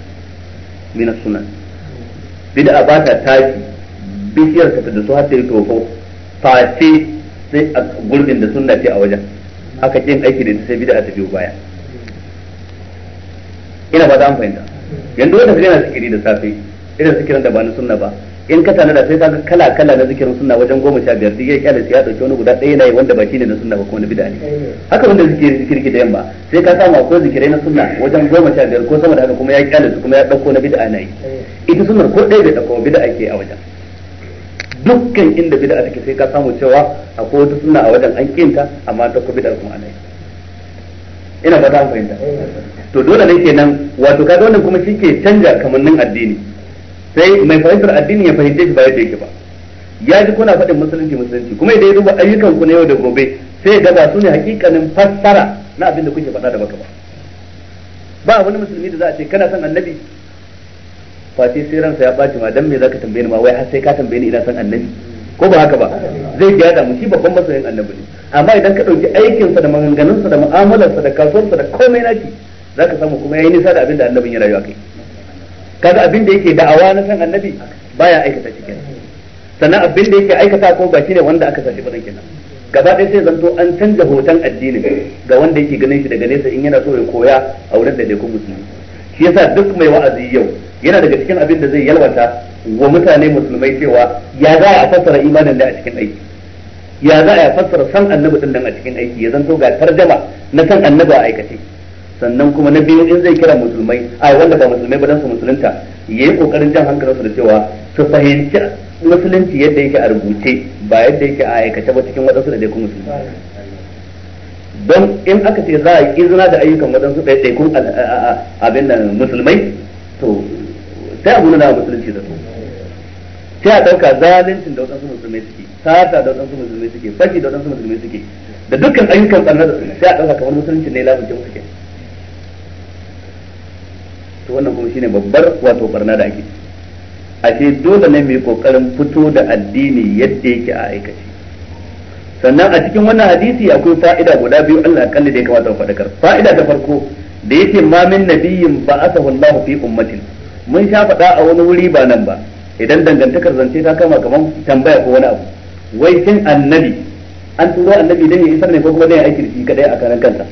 min as-sunan bid'a ba ta tashi bishiyar ka da su har sai tofo face sai a gurbin da sunna ce a wajen aka kin aiki da sai bid'a ta biyo baya ina ba ta an fahimta yanzu wanda kaga yana sikiri da safe irin sikirin da ba na sunna ba in ka tanada sai ka kala kala na zikirin sunna wajen goma sha biyar duk ya kyale sai ya dauki wani guda ɗaya nayi wanda ba shine na sunna ba kuma na bid'a ne haka wanda zikiri zikiri da yamma sai ka samu akwai zikirai na sunna wajen goma sha biyar ko sama da haka kuma ya kyale su kuma ya dauko na bid'a nayi ita sunnar ko ɗaya bai dauko bid'a ke a wajen dukkan inda bid'a take sai ka samu cewa akwai wata sunna a wajen an kinta amma ta ko bid'a kuma ana ina ba ta fahimta to dole ne kenan wato kaga wannan kuma shi ke canja kamannin addini sai mai fahimtar addini ya fahimce shi ba yadda yake ba ya ji kuna faɗin musulunci musulunci kuma idan ya duba ayyukan ku na yau da gobe sai ga ba su ne hakikanin fassara na abin da kuke faɗa da baka ba ba wani musulmi da za a ce kana son annabi face sai ransa ya ɓaci ma dan me zaka tambaye ni ma wai har sai ka tambaye ni ina son annabi ko ba haka ba zai gyada mu shi babban masoyin annabi ne amma idan ka ɗauki aikinsa da maganganunsa da mu'amalarsa da kasuwarsa da komai naki zaka samu kuma yayi nisa da abin da annabin ya rayu a kai kaga abin da yake da'awa na san annabi baya aikata shi kenan sannan abin da yake aikata ko ba ne wanda aka sashi bazan kenan gaba ɗaya sai zanto an canza hoton addinin ga wanda yake ganin shi daga nesa in yana so ya koya a wurin da daikun musulmi shi yasa duk mai wa'azi yau yana daga cikin abin da zai yalwata wa mutane musulmai cewa ya za a fassara imanin da a cikin aiki ya za a fassara san annabi din nan a cikin aiki ya zanto ga tarjama na san annabi a aikace sannan kuma na biyu in zai kira musulmai a wanda ba musulmai ba dan su musulunta yi kokarin jan hankalinsu da cewa su fahimci musulunci yadda yake a rubuce ba yadda yake a aikace ba cikin waɗansu da daikun musulmai don in aka ce za a yi izina da ayyukan waɗansu ɗaiɗaikun abin nan musulmai to sai a nuna musulunci da su sai a ɗauka zalincin da waɗansu musulmai suke sata da waɗansu musulmai suke fashi da waɗansu musulmai suke da dukkan ayyukan ɓarnar da sai a ɗauka kamar musulunci ne lafiya musu to wannan kuma shine babbar wato barna da ake ashe dole ne mai kokarin fito da addini yadda yake a aikace sannan a cikin wannan hadisi akwai fa'ida guda biyu Allah kalli da ya kamata mu faɗakar fa'ida ta farko da yake ma min nabiyyin ba asahu Allah fi ummatin mun sha faɗa a wani wuri ba nan ba idan dangantakar zance ta kama kaman tambaya ko wani abu wai kin annabi an tura annabi dan ya isar ne ko kuma dan ya aiki da shi kadai a karan kansa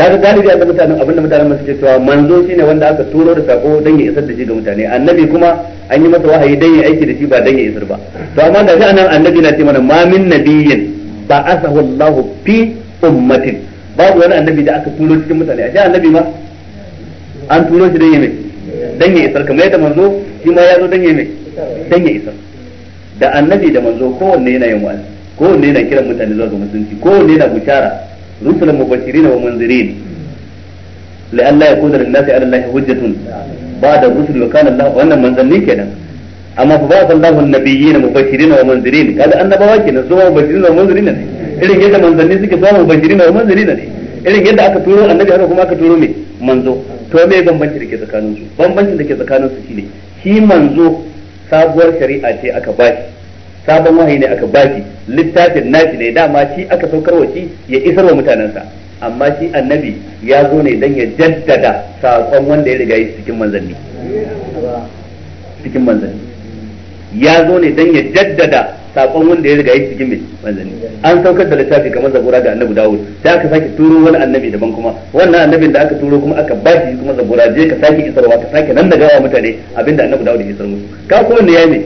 kaga galibi a mutanen abin da mutanen masu cewa manzo shine wanda aka turo da sako dan ya isar da shi ga mutane annabi kuma an yi masa wahayi dan ya aiki da shi ba dan ya isar ba to amma da anan annabi na ce mana ma min nabiyyin ba asahu Allah fi ummatin babu wani annabi da aka turo cikin mutane a annabi ma an turo shi dan ya mai dan ya isar kamar yadda manzo shi ma ya zo dan ya mai dan ya isar da annabi da manzo kowanne yana yin wa'azi kowanne yana kiran mutane zuwa ga musulunci kowanne yana bushara rusulan mubashirin wa munzirin la'alla yakuna lin-nasi 'ala Allahi hujjatun ba'da rusul wa kana Allah wannan manzanni kenan amma fa ba'atha Allahu an-nabiyyin mubashirin wa munzirin kada annabawa kenan su mubashirin wa munzirin ne irin yadda manzanni suke su mubashirin wa munzirin ne irin yadda aka turo annabi haka kuma aka turo me manzo to me bambanci da ke tsakanin su bambancin da ke tsakanin su shine manzo sabuwar shari'a ce aka bashi sabon wahayi ne aka baki littafin nashi ne dama shi aka saukarwa shi ya isar wa mutanensa amma shi annabi ya zo ne don ya jaddada saƙon wanda ya riga yi cikin manzanni cikin manzanni ya zo ne don ya jaddada saƙon wanda ya riga yi cikin manzanni an saukar da littafi kamar zabura ga annabi dawud da aka sake turo wani annabi daban kuma wannan annabin da aka turo kuma aka ba shi kuma zabura je ka sake isarwa ka sake nan da gawa mutane abinda annabi dawud ya isar musu ka kowanne ya ya ne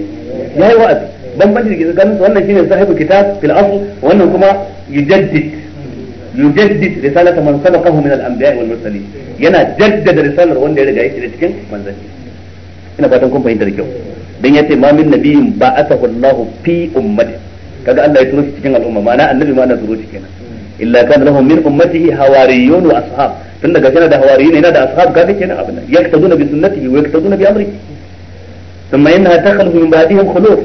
ya yi wa'azi bambanci da ke tsakanin wannan shine sahibu kitab fil asl wannan kuma yujaddid yujaddid risalata man sabaqahu min al-anbiya wal mursalin yana jaddada risalar wanda ya riga yake da cikin manzanni ina fatan kun fahimta da kyau dan yace ma min nabiyyin ba'athahu Allahu fi ummati kaga Allah ya turo shi cikin al'umma ma'ana annabi ma ana turo shi kenan illa kana lahum min ummatihi hawariyun wa ashab tun daga kana da hawariyun yana da ashab kaga kenan abin nan yaktaduna bi sunnatihi wa yaktaduna bi amrihi thumma innaha takhlu min ba'dihim khuluf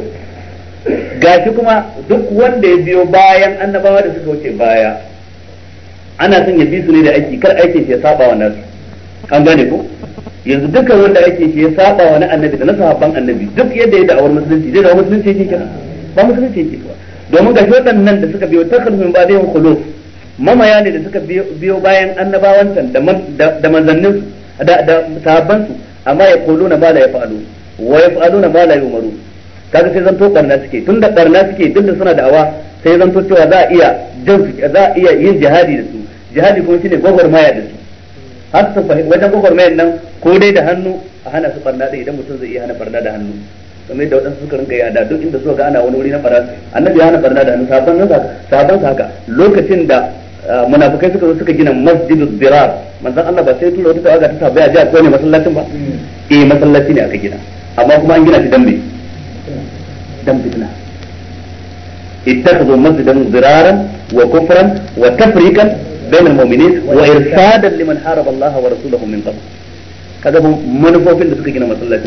gashi kuma duk wanda ya biyo bayan annabawa da suka wuce baya ana son ya bi su ne da aiki kar aikin shi ya saba wa nasu an gane ko yanzu dukkan wanda aikin shi ya saba wa na annabi da na haban annabi duk yadda ya da'awar musulunci zai da musulunci yake kira ba musulunci yake kira domin gashi waɗannan da suka biyo takalmin ba da yin mamaya ne da suka biyo bayan annabawan can da manzannin da sahabban su amma ya kuluna ba la ya fa'alu wa ya na ba la yumaru kaga sai zanto barna suke tunda barna suke tunda suna da'awa sai zanto cewa za a iya jan za a iya yin jihadi da su jihadi kuma shine gwagwarmaya da su har su fahim wajen gwagwarmayar nan ko dai da hannu a hana su barna da idan mutum zai iya hana barna da hannu kamar yadda waɗansu suka rinka yi a da duk inda suka ga ana wani wuri na barna annabi ya hana barna da hannu sahabban haka sahabban haka lokacin da ah, munafikai suka zo suka gina masjidul dirar manzon Allah ba sai tura wata tawaga ta tabbaya a ji a kowane masallacin ba hmm. eh masallaci ne aka gina amma kuma an gina shi dan me دم فتنة اتخذوا مسجدا ضرارا وكفرا وتفريقا بين المؤمنين وإرشادا لمن حارب الله ورسوله من قبل هذا هو من هو في النسخة كنا مسلا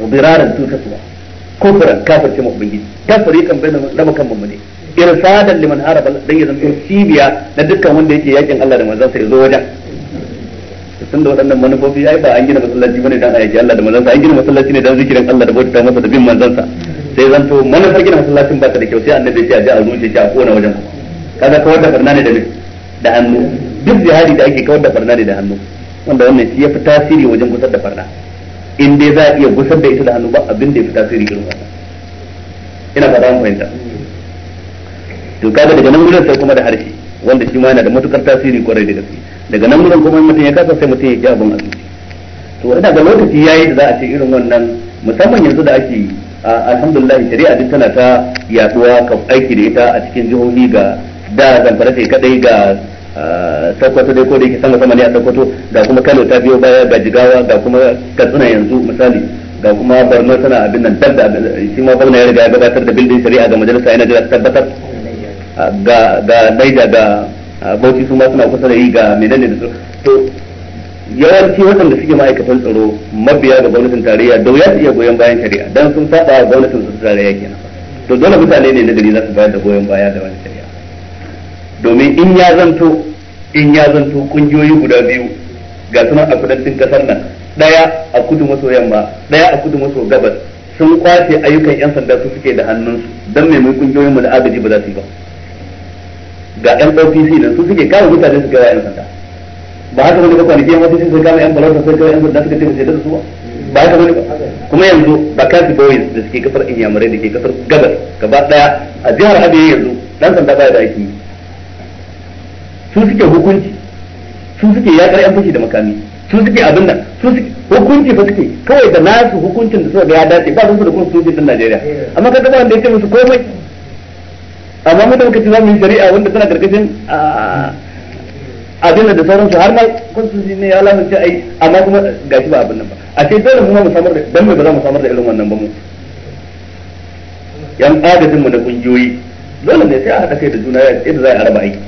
وضرارا تلكسوا كفرا كافر كما أبنجي تفريقا بين المؤمنين ممني إرشادا لمن حارب الله دي يزم إرشيبيا ندكا من ديكي يجن الله رمزان سيزوجا tun da waɗannan manufofi ai ba an gina masallaci bane dan ayyaki Allah da manzansa an gina masallaci ne dan zikirin Allah da bauta masa da bin manzansa sai zan to manufar gina masallacin ba ta da kyau sai annabi ya ji a rushe shi a kowane wajen kada kawar da barna ne da da hannu duk jihadi da ake kawar da barna ne da hannu wanda wannan shi ya fi tasiri wajen gusar da barna in dai za a iya gusar da ita da hannu ba abin da ya fi tasiri irin wannan ina ba mun fahimta to kaga daga nan gurin sai kuma da harshe wanda shi ma yana da matukar tasiri kwarai da gaske daga nan wurin kuma mutum ya kasa sai mutum ya ji abin azu to ina ga lokaci yi da za a ce irin wannan musamman yanzu da ake alhamdulillah shari'a duk tana ta yaduwa ka aiki da ita a cikin jihohi ga da zamfara ce kadai ga sokoto dai ko da ke sama sama ne a sokoto ga kuma kano ta biyo baya ga jigawa ga kuma katsina yanzu misali ga kuma borno tana abin nan dab da shi ma gwamna ya riga ya gabatar da bildin shari'a ga majalisa yana jira tabbatar ga ga naija ga a bauchi su ma suna kusa da yi ga menene da su to yawanci waɗanda suke ma'aikatan tsaro mabiya ga gwamnatin tarayya da wuya su iya goyon bayan shari'a dan sun faɗa wa gwamnatin su tarayya kenan to dole mutane ne na gari za su bayar da goyon baya da wani shari'a domin in ya zanto in ya zanto kungiyoyi guda biyu ga sunan a kudancin kasar nan ɗaya a kudu maso yamma ɗaya a kudu maso gabas sun kwace ayyukan yan sanda su suke da hannunsu don mai mai kungiyoyin mu da agaji ba za su yi ba ga yan OPC nan su suke kawo mutane su gawa yan sanda ba haka wani kwanaki yan OPC sun kama yan balauta sai kawai yan sanda suka ce da su ba haka wani kuma yanzu ba kasi boys da suke kasar inyamurai da ke kasar gabar gaba daya a jihar abin yanzu dan sanda ba da aiki su suke hukunci su suke yakar yan fashi da makami su suke abin nan su suke hukunci ba suke kawai da nasu hukuncin da suka ga ya dace ba su da kuma sojin Najeriya amma kaga ba wanda ya ce musu komai amma mu da za mu yi shari'a wanda tana karkashin abin da su har ma kuntunci ne ya ce ai amma kuma shi ba abin nan ba a ce dole mu mu samar da dan mai ba za mu samar da irin wannan ba mu yan adadin mu na kungiyoyi dole ne sai a haɗa kai da juna yadda za a raba aiki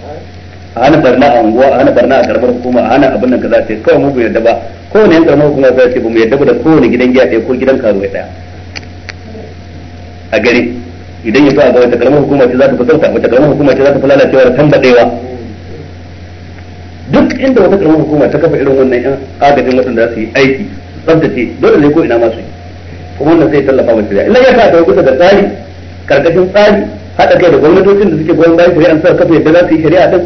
a hana barna a unguwa a hana barna a karamar hukuma a hana abin nan kaza ce kawai mu bai yadda ba kowane yan karamar hukuma za ce ba mu yadda ba da kowane gidan giya ɗaya ko gidan karuwa ɗaya a gare idan ya a ga wata karamar hukuma ce za ta fasarta wata karamar hukuma ce za ta fi lalacewa da tambadewa duk inda wata karamar hukuma ta kafa irin wannan yan agajin waɗanda za su yi aiki tsabtace dole ne ko ina masu yi kuma wannan zai tallafa masu shari'a illa ya a ga kusa da tsari karkashin tsari haɗa kai da gwamnatocin da suke goyon bayan shari'a sa kafa yadda za su yi shari'a din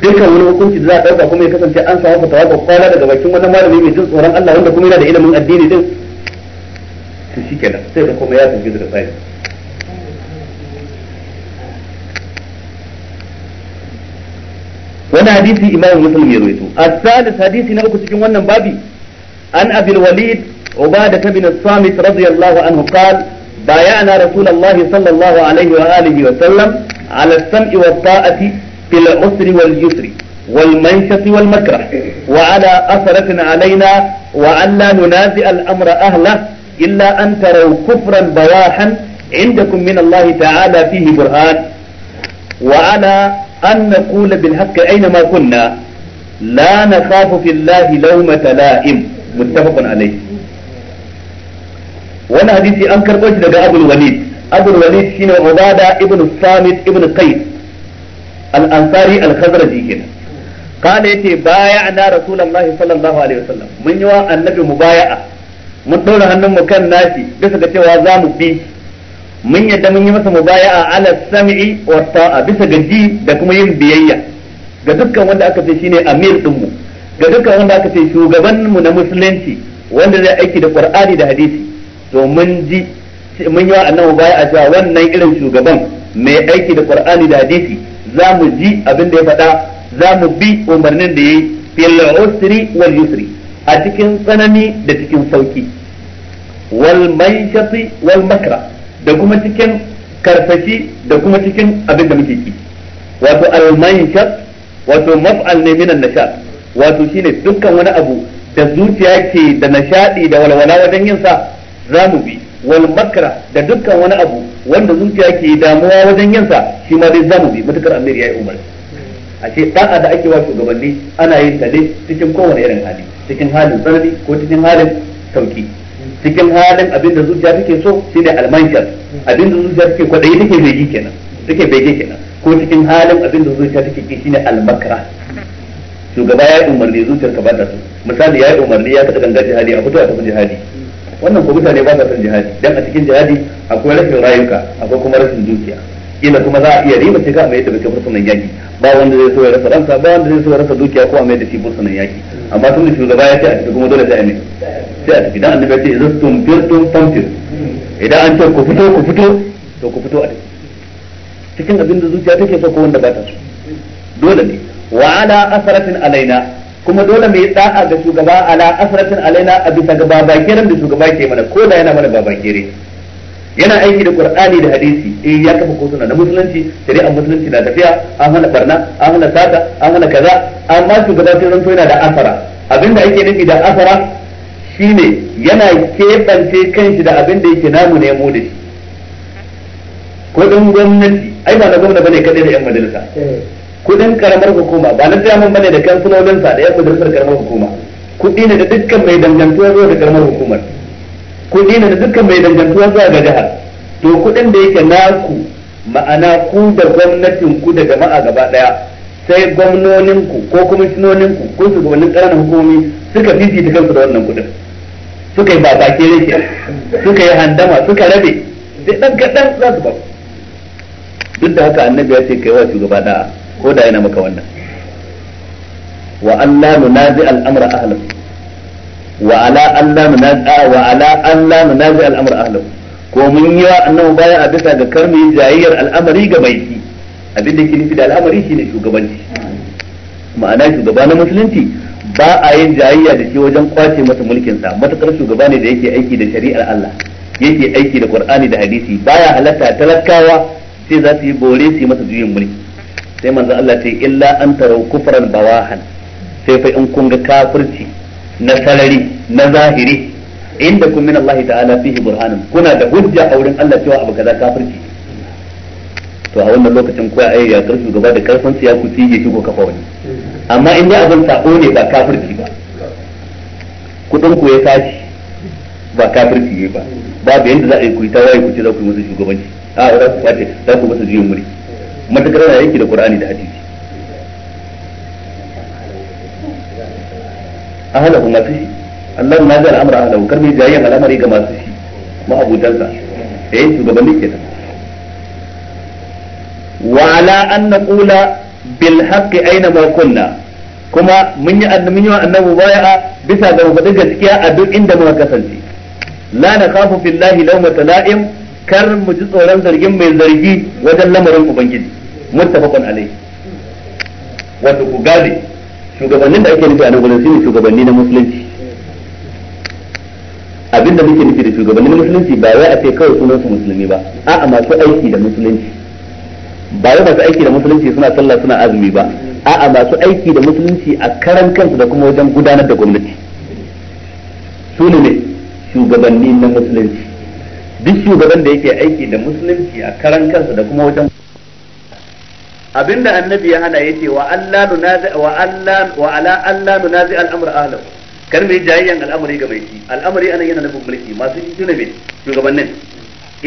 dukkan wani hukunci da za a ɗauka kuma ya kasance an samu fatawa ga kwana daga bakin wani malami mai jin tsoron Allah wanda kuma yana da ilimin addini din to shikenan sai da kuma ya tafi da tsari wani hadisi imamu muslim ya rawaito as-salis hadisi na uku cikin wannan babi an abil walid ubada bin as-samit radiyallahu anhu qala بايعنا رسول الله صلى الله عليه وآله وسلم على السمع والطاعة في العسر واليسر والمنشط والمكره وعلى أثرة علينا وأن لا ننازع الأمر أهله إلا أن تروا كفرا بواحا عندكم من الله تعالى فيه برهان وعلى أن نقول بالحق أينما كنا لا نخاف في الله لومة لائم متفق عليه وانا حديثي أنكر قلت لك أبو الوليد أبو الوليد شين عبادة ابن الصامت ابن قيس الأنصاري الخزرجي كده قال يتي بايعنا رسول الله صلى الله عليه وسلم من يوى النبي مبايعة من دون هنم كان ناسي بس كتوا زام بيه mun yadda mun yi masa a ala sam'i wa ta'a bisa ga ji da kuma yin biyayya ga dukkan wanda aka ce shine amir din mu ga dukkan wanda aka ce shugaban mu na musulunci wanda zai aiki da qur'ani da hadisi to mun ji mun yi wa annabi mubaya'a cewa wannan irin shugaban mai aiki da qur'ani da hadisi za mu ji abin da ya faɗa za mu bi umarnin da yayi fil usri wal yusri a cikin tsanani da cikin sauki wal manshati wal makra da kuma cikin karfashi da kuma cikin abin da muke ki wato al-manshat wato maf'al ne minan nasha wato shine dukkan wani abu da zuciya ke da nashadi da walwala wajen yin sa zamu bi wal makra da dukkan wani abu wanda zuciya ke damuwa wajen yin sa shi ma dai zamu bi mutakar amir yayi umar a ce da'a da ake wa shugabanni ana yin ta ne cikin kowane irin hali cikin halin tsanani ko cikin halin sauki cikin halin abin da zuciya take so ne almanshar abin da zuciya take kwadayi take bege kenan take bege kenan ko cikin halin abin da zuciya take ki ne almakra shugaba ya umarni zuciyar ka bada su misali ya umarni ya kada ganga jihadi a fito a tafi jihadi wannan ko mutane ba sa son jihadi dan a cikin jihadi akwai rashin rayuka akwai kuma rashin dukiya ina kuma za a iya riba sai ka mai da baka fursunan yaki ba wanda zai so ya rasa ransa ba wanda zai so ya rasa dukiya ko a mai da shi fursunan yaki amma tun da shugaba ya ce a tafi kuma dole sai a mai sai a tafi dan annabi ya ce idan tun birto famfir idan an ce ku fito ku fito to ku fito a tafi cikin abin da zuciya take so ko wanda ba ta so dole ne wa ala asratin alaina kuma dole mai da'a ga shugaba ala asratin alaina a bisa ga babakeren da shugaba ke mana ko da yana mana babakire yana aiki da qur'ani da hadisi eh ya kafa kotuna na musulunci shari'ar musulunci na tafiya an hana barna an hana sata an hana kaza amma shugaba sai ranto yana da asara abinda ake nufi da asara shine yana keɓance kanshi da abinda yake namu ne mu da shi kudin gwamnati ai ba na gwamnati bane kadai da yan majalisa kudin karamar hukuma ba na jaman bane da kansulolinsa da yan majalisar karamar hukuma kudi ne da dukkan mai dangantuwa zuwa da karamar hukumar kuɗi ne dukkan mai dangantuwa zuwa ga jihar to kuɗin da yake naku ma'ana ku da gwamnatin ku da jama'a gaba daya sai gwamnonin ku ko kwamishinonin ku ko shugabannin ƙananan hukumomi suka ta kansu da wannan kuɗin suka yi bakake rike suka yi handama suka rabe sai dan kaɗan za su ba duk da haka annabi ya ce kai wa shugaba da'a ko da yana maka wannan wa Allah nunazi al'amra ahlahu wa ala alla munaza wa ala alla munaza al'amr ahlahu ko yi wa annabi baya a bisa ga karmi jayyar al'amari ga baiki abin da ke da al'amari shine shugabanci ma'ana shugaba na musulunci ba a yin jayayya da shi wajen kwace masa mulkin sa matakar shugaba ne da yake aiki da shari'ar Allah yake aiki da ƙur'ani da hadisi baya halarta talakawa sai za su yi bore su masa juyin mulki sai manzo Allah ce illa an tarau kufran bawahan sai fai in kun ga kafirci na sarari na zahiri inda kun min Allah ta'ala fihi burhanan kuna da hujja a wurin Allah cewa abu kaza kafirci to a wannan lokacin ko ai ya karfi gaba da karfin siya ku tige shi ko kafa wani amma in dai abin sako ne ba kafirci ba kudin ku ya tashi ba kafirci ne ba babu yanda za a yi ku ta waye ku ce za ku yi musu shugabanci a za ku kwace za ku musu juyin muri matakar yana yake da Qur'ani da hadisi ahlahu ma fihi Allah na ga al'amra ahlahu kar mai jayyan al'amari ga masu shi ma abujansa eh shugabanni kenan wa ala an naqula bil haqqi aina ma kunna kuma mun yi annabi wa annabi bai'a bisa ga faɗin gaskiya a duk inda muka kasance la nakhafu billahi lawmata la'im kar mu ji tsoron zargin mai zargi wajen lamarin ubangiji muttafaqun alai wato ku gane shugabannin da ake nufi a nan gurin su ne shugabanni na musulunci abinda muke nufi da shugabanni na musulunci ba wai a ce kawai sunan su musulmi ba a'a masu aiki da musulunci ba wai masu aiki da musulunci suna sallah suna azumi ba a'a masu aiki da musulunci a karan kansu da kuma wajen gudanar da gwamnati su ne shugabanni na musulunci duk shugaban da yake aiki da musulunci a karan kansu da kuma wajen abinda annabi ya hana yace wa Allah nunazi wa Allah wa ala Allah nunazi al-amr ahlahu kar mu jayyan al'amari ga baiti shi al'amari anan yana nufin mulki masu shi sune shugabannin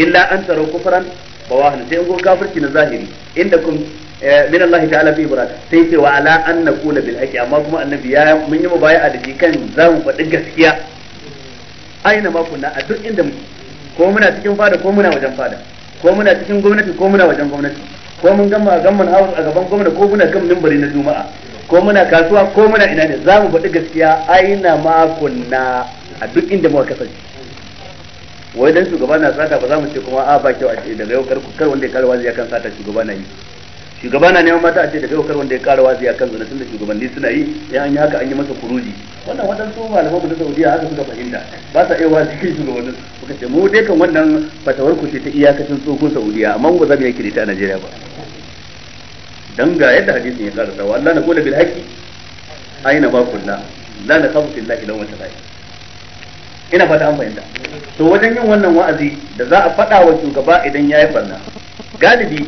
illa an tsaro kufran fa wahna sai go kafirci na zahiri inda kun eh, min Allah ta'ala fi ibrahim sai ce wa ala an naqula bil haqi amma kuma annabi ya mun yi mubaya'a da shi kan za mu faɗi gaskiya aina ma kunna a duk inda muke ko muna cikin fada ko muna wajen fada ko muna cikin gwamnati ko muna wajen gwamnati ko mun gama gamman house a gaban gwamna ko muna kan mimbari na juma'a ko muna kasuwa ko muna ina ne za mu faɗi gaskiya aina na a duk inda muka kasance wai dan shugaba na sata ba za mu ce kuma a ba kyau a ce daga yau kar wanda ya karwa zai kan sata shugaba na yi shugaba na neman mata a ce daga yau kar wanda ya karwa zai kan zuna tunda shugabanni suna yi ya an yi haka an yi masa kuruji wannan waɗansu malaman na Saudiya haka suka fahimta ba sa aiwa cikin shugabannin suka ce mu dai kan wannan fatawar ku ce ta iyakacin tsohon Saudiya amma mu ba za mu yi kirita a Najeriya ba dan ga yadda hadisin ya karanta wa Allah na kula bil haqi aina ba kullu la na khafu billahi lawan tadai ina fata an fahimta to wajen yin wannan wa'azi da za a fada wa shugaba idan yayi barna galibi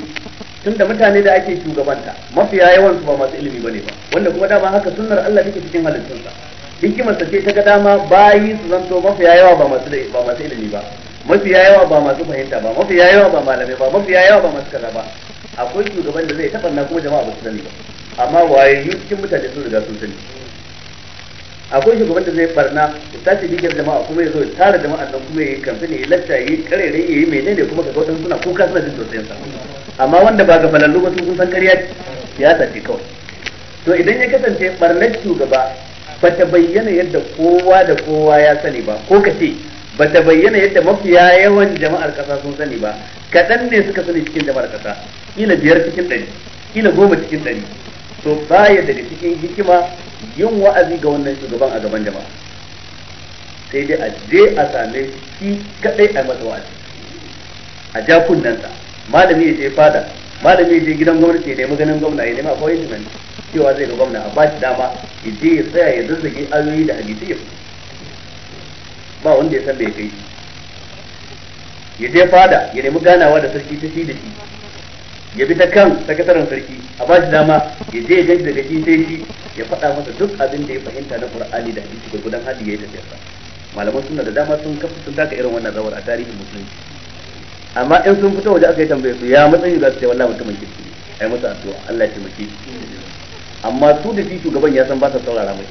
tunda mutane da ake shugabanta mafiya yawan su ba masu ilimi bane ba wanda kuma dama haka sunnar Allah take cikin halittunsa hikimar ta ce ta ga dama bayi su zanto mafiya yawa ba masu ba masu ilimi ba mafiya yawa ba masu fahimta ba mafiya yawa ba malamai ba mafiya yawa ba masu kaza ba akwai shugaban da zai taɓa na kuma jama'a ba su sani ba amma waye cikin mutane sun riga sun sani akwai shugaban da zai barna ya tashi dukiyar jama'a kuma ya zo ya tara jama'a nan kuma ya yi kamfani ya lacca ya yi karere ya yi menene kuma ka ga wadansu suna kuka suna jin tausayin sa amma wanda ba ga falallu ba sun san ƙarya ya sace kawai to idan ya kasance barnar shugaba ba ta bayyana yadda kowa da kowa ya sani ba ko ka ce ba ta bayyana yadda mafiya yawan jama'ar kasa sun sani ba kaɗan ne suka sani cikin jama'ar ƙasa kila biyar cikin ɗari kila goma cikin ɗari to baya daga cikin hikima yin wa'azi ga wannan shugaban a gaban jama'a sai dai a je a same shi kaɗai a masa wa'azi a ja kunnensa malami ya je fada malami ya je gidan gwamnati ya nemi ganin gwamna ya nemi appointment cewa zai ga gwamna a ba shi dama ya je ya tsaya ya zazzage ayoyi da hadisi ya ba wanda ya san da ya kai ya je fada ya nemi ganawa da sarki ta shi da shi ya bi ta kan sakataren sarki a ba shi dama ya je ya ganshi daga shi sai shi ya faɗa masa duk abin da ya fahimta na qur'ani da hadisi da gudan hadi yayi tafiyar sa malaman suna da dama sun kafa sun taka irin wannan zawar a tarihin musulunci amma in sun fito waje aka yi tambaye su ya matsayi za su ce wallahi mutumin kirki ai musu addu'a Allah ya taimake shi amma su da shi shugaban ya san ba sa saurara mai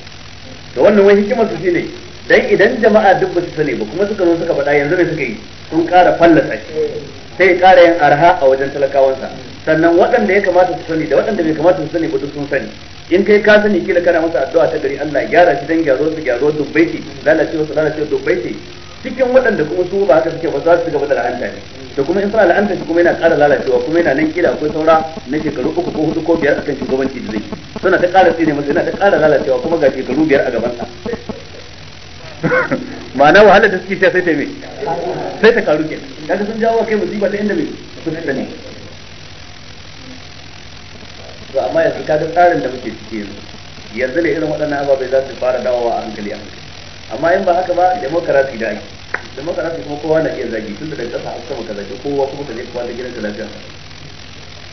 to wannan wani hikimar su shine dan idan jama'a duk ba su sani ba kuma suka zo suka faɗa yanzu ne suka yi sun ƙara fallasa shi sai ya ƙara yin arha a wajen talakawansa sannan waɗanda ya kamata su sani da waɗanda bai kamata su sani ba duk sun sani in kai ka sani kila kana masa addu'a ta gari Allah gyara shi dan gyaro su gyaro dubbai ce wasu su wasu dubbai ce cikin waɗanda kuma su ba haka suke ba za su gaba da la'anta ne da kuma in suna la'anta shi kuma yana ƙara lalacewa kuma yana nan kila akwai saura na shekaru uku ko hudu ko biyar akan shugabanci da zai suna ta ƙara tsine masa yana ta ƙara lalacewa kuma ga shekaru biyar a gabansa ma'ana wahalar da suke sha sai ta me sai ta karu ke daga sun jawo kai musiba ta inda me sun inda ne to amma suka kaga tsarin da muke ciki yanzu yanzu ne irin waɗannan ababai za su fara dawowa a hankali a hankali amma in ba haka ba demokarasi da ake demokarasi kuma kowa na iya zagi tun da daga ƙasa a sama ka zagi kowa kuma ta je ka ba da gidanka lafiya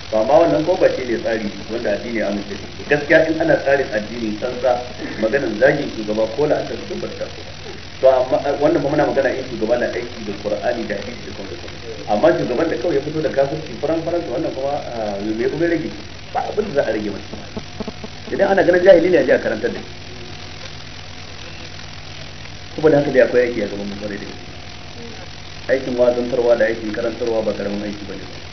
to amma wannan ko ba shi ne tsari wanda addini amince da gaskiya in ana tsarin addini tsantsa maganar zagin shugaba ko la'anta su ba ta to amma wannan ba muna magana in shugaba na aiki da qur'ani da hadisi da kuma amma shugaban da kawai ya fito da kafirci faran faran to wannan kuma me kuma rage ba abin da za a rage masa idan ana ganin jahili ne a ji a karantar da ba da haka da akwai aiki a gaban mu kwarai da aikin wazantarwa da aikin karantarwa ba karamin aiki bane ba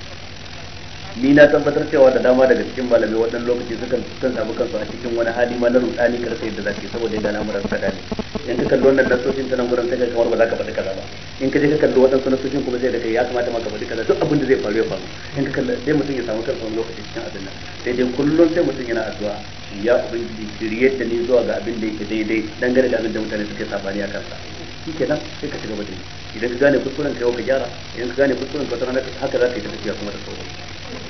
ni na tabbatar cewa da dama daga cikin malamai waɗannan lokaci sukan kan samu kansu a cikin wani hali ma na rudani karsa yadda za yi saboda yadda al'amuran kada ne in ka kallo wannan nasoshin ta nan gurin sai kamar ba za ka faɗi kaza ba in ka je ka kalli waɗansu sosin kuma zai da kai ya kamata ma ka faɗi kaza duk abin da zai faru ya faru in ka kalli sai mutum ya samu kansa wani lokaci cikin abin nan sai dai kullum sai mutum yana addu'a ya ubangiji shiryar da ni zuwa ga abin da yake daidai dangane da abin da mutane suke sabani a kansa shi kenan sai ka ci gaba da idan ka gane kuskuren ka yau ka gyara idan ka gane kuskuren ka wata rana haka za ka yi tafiya kuma da sauransu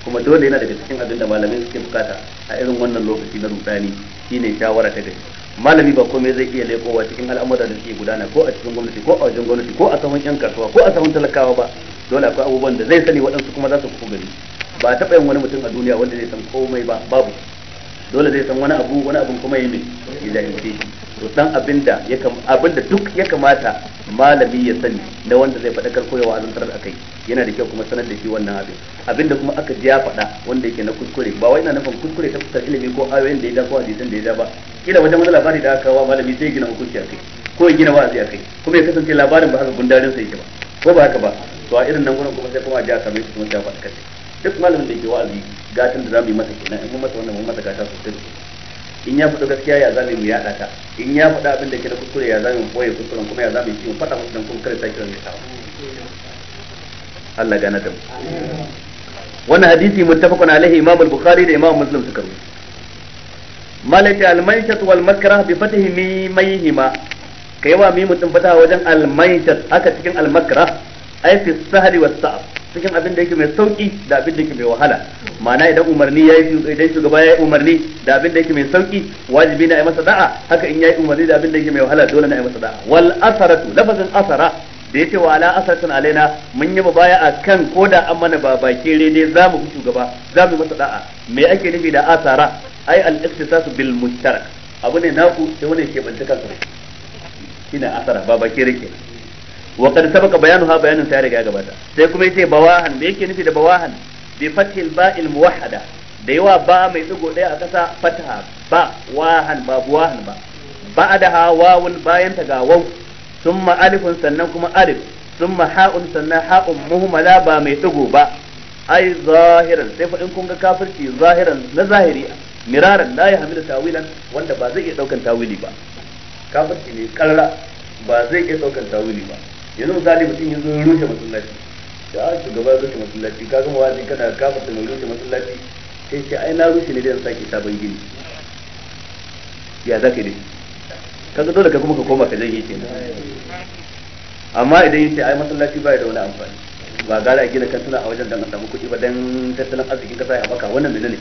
kuma dole yana daga cikin abin da malamai suke bukata a irin wannan lokaci na rudani shine shawara ta gari malami ba komai zai iya lekowa cikin al'amura da suke gudana ko a cikin gwamnati ko a wajen gwamnati ko a saman yan kasuwa ko a saman talakawa ba dole akwai abubuwan da zai sani waɗansu kuma za su kuku gari ba taɓa yin wani mutum a duniya wanda zai san komai ba babu dole zai san wani abu wani abu kuma ya mai ya jahilce shi to dan abinda ya abinda duk ya kamata malami ya sani na wanda zai karko yawa azantar da kai yana da kyau kuma sanar da shi wannan abin abinda kuma aka ji ya faɗa wanda yake na kuskure ba wai ina nufin kuskure ta fuskar ilimi ko ayoyin da ya da ko hadisin da ya da ba kila wajen wani labari da aka kawo malami sai gina hukunci akai ko ya gina wa'azi akai kuma ya kasance labarin ba haka gundarin sai yake ba ko ba haka ba to a irin nan gurin kuma sai kuma ja kamar shi kuma ta faɗa kai duk malamin da yake wa'azi gatan da zamu yi masa kenan in mun masa wannan mun masa gata sosai in ya faɗa gaskiya ya zame mu yaɗa ta in ya faɗa abin da ke da kuskure ya zame mu koye kuskuren kuma ya zame shi mu faɗa musu dan kuma kare ta kiran ya Allah gana da mu wannan hadisi muttafaqun alaihi imam al-bukhari da imam muslim suka rubuta malaka al-maishat wal makrah bi fatihi mimayhima kaiwa mi mutum fata wajen al-maishat aka cikin al-makrah ay fi sahri was sa'f cikin abin da yake mai sauki da abin da yake mai wahala ma'ana idan umarni yayi idan shugaba ya yi umarni da abin da yake mai sauki wajibi na yi masa da'a haka in ya yi umarni da abin da yake mai wahala dole na yi masa da'a wal asaratu lafazin asara da yake wa ala asaratun alaina mun yi baya a kan koda an mana ba baki za mu bi shugaba za mu masa da'a me ake nufi da asara ai al iktisasu bil mushtarak abu ne naku sai wani ke bantaka kansa shine asara ba baki rike wa qad bayanu bayanuha bayanin sai riga gabata sai kuma yace bawahan me yake nufi da bawahan bi fathil ba'il muwahhada da yawa ba mai digo daya a kasa fataha ba wahan ba buwahan ba ha wawun bayan ta ga waw thumma alifun sannan kuma alif thumma ha'un sannan ha'un muhmala ba mai digo ba ai zahiran sai fa in kun ga kafirci zahiran na zahiri miraran la ya hamilu tawilan wanda ba zai iya daukan tawili ba kafirci ne karra ba zai iya daukan tawili ba yanzu misali mutum ya zo ya rushe masallaci ya shugaba ya rushe masallaci ka gama wazi kada ka mutum mai rushe masallaci sai ce ai na rushe ne dan sake sabon gini ya zaka dai kaga dole ka kuma ka koma ka janye kenan amma idan yace ai masallaci ba ya da wani amfani ba gara a gina kantuna a wajen dan a samu kuɗi ba dan tattalin arzikin kasa ya baka wannan menene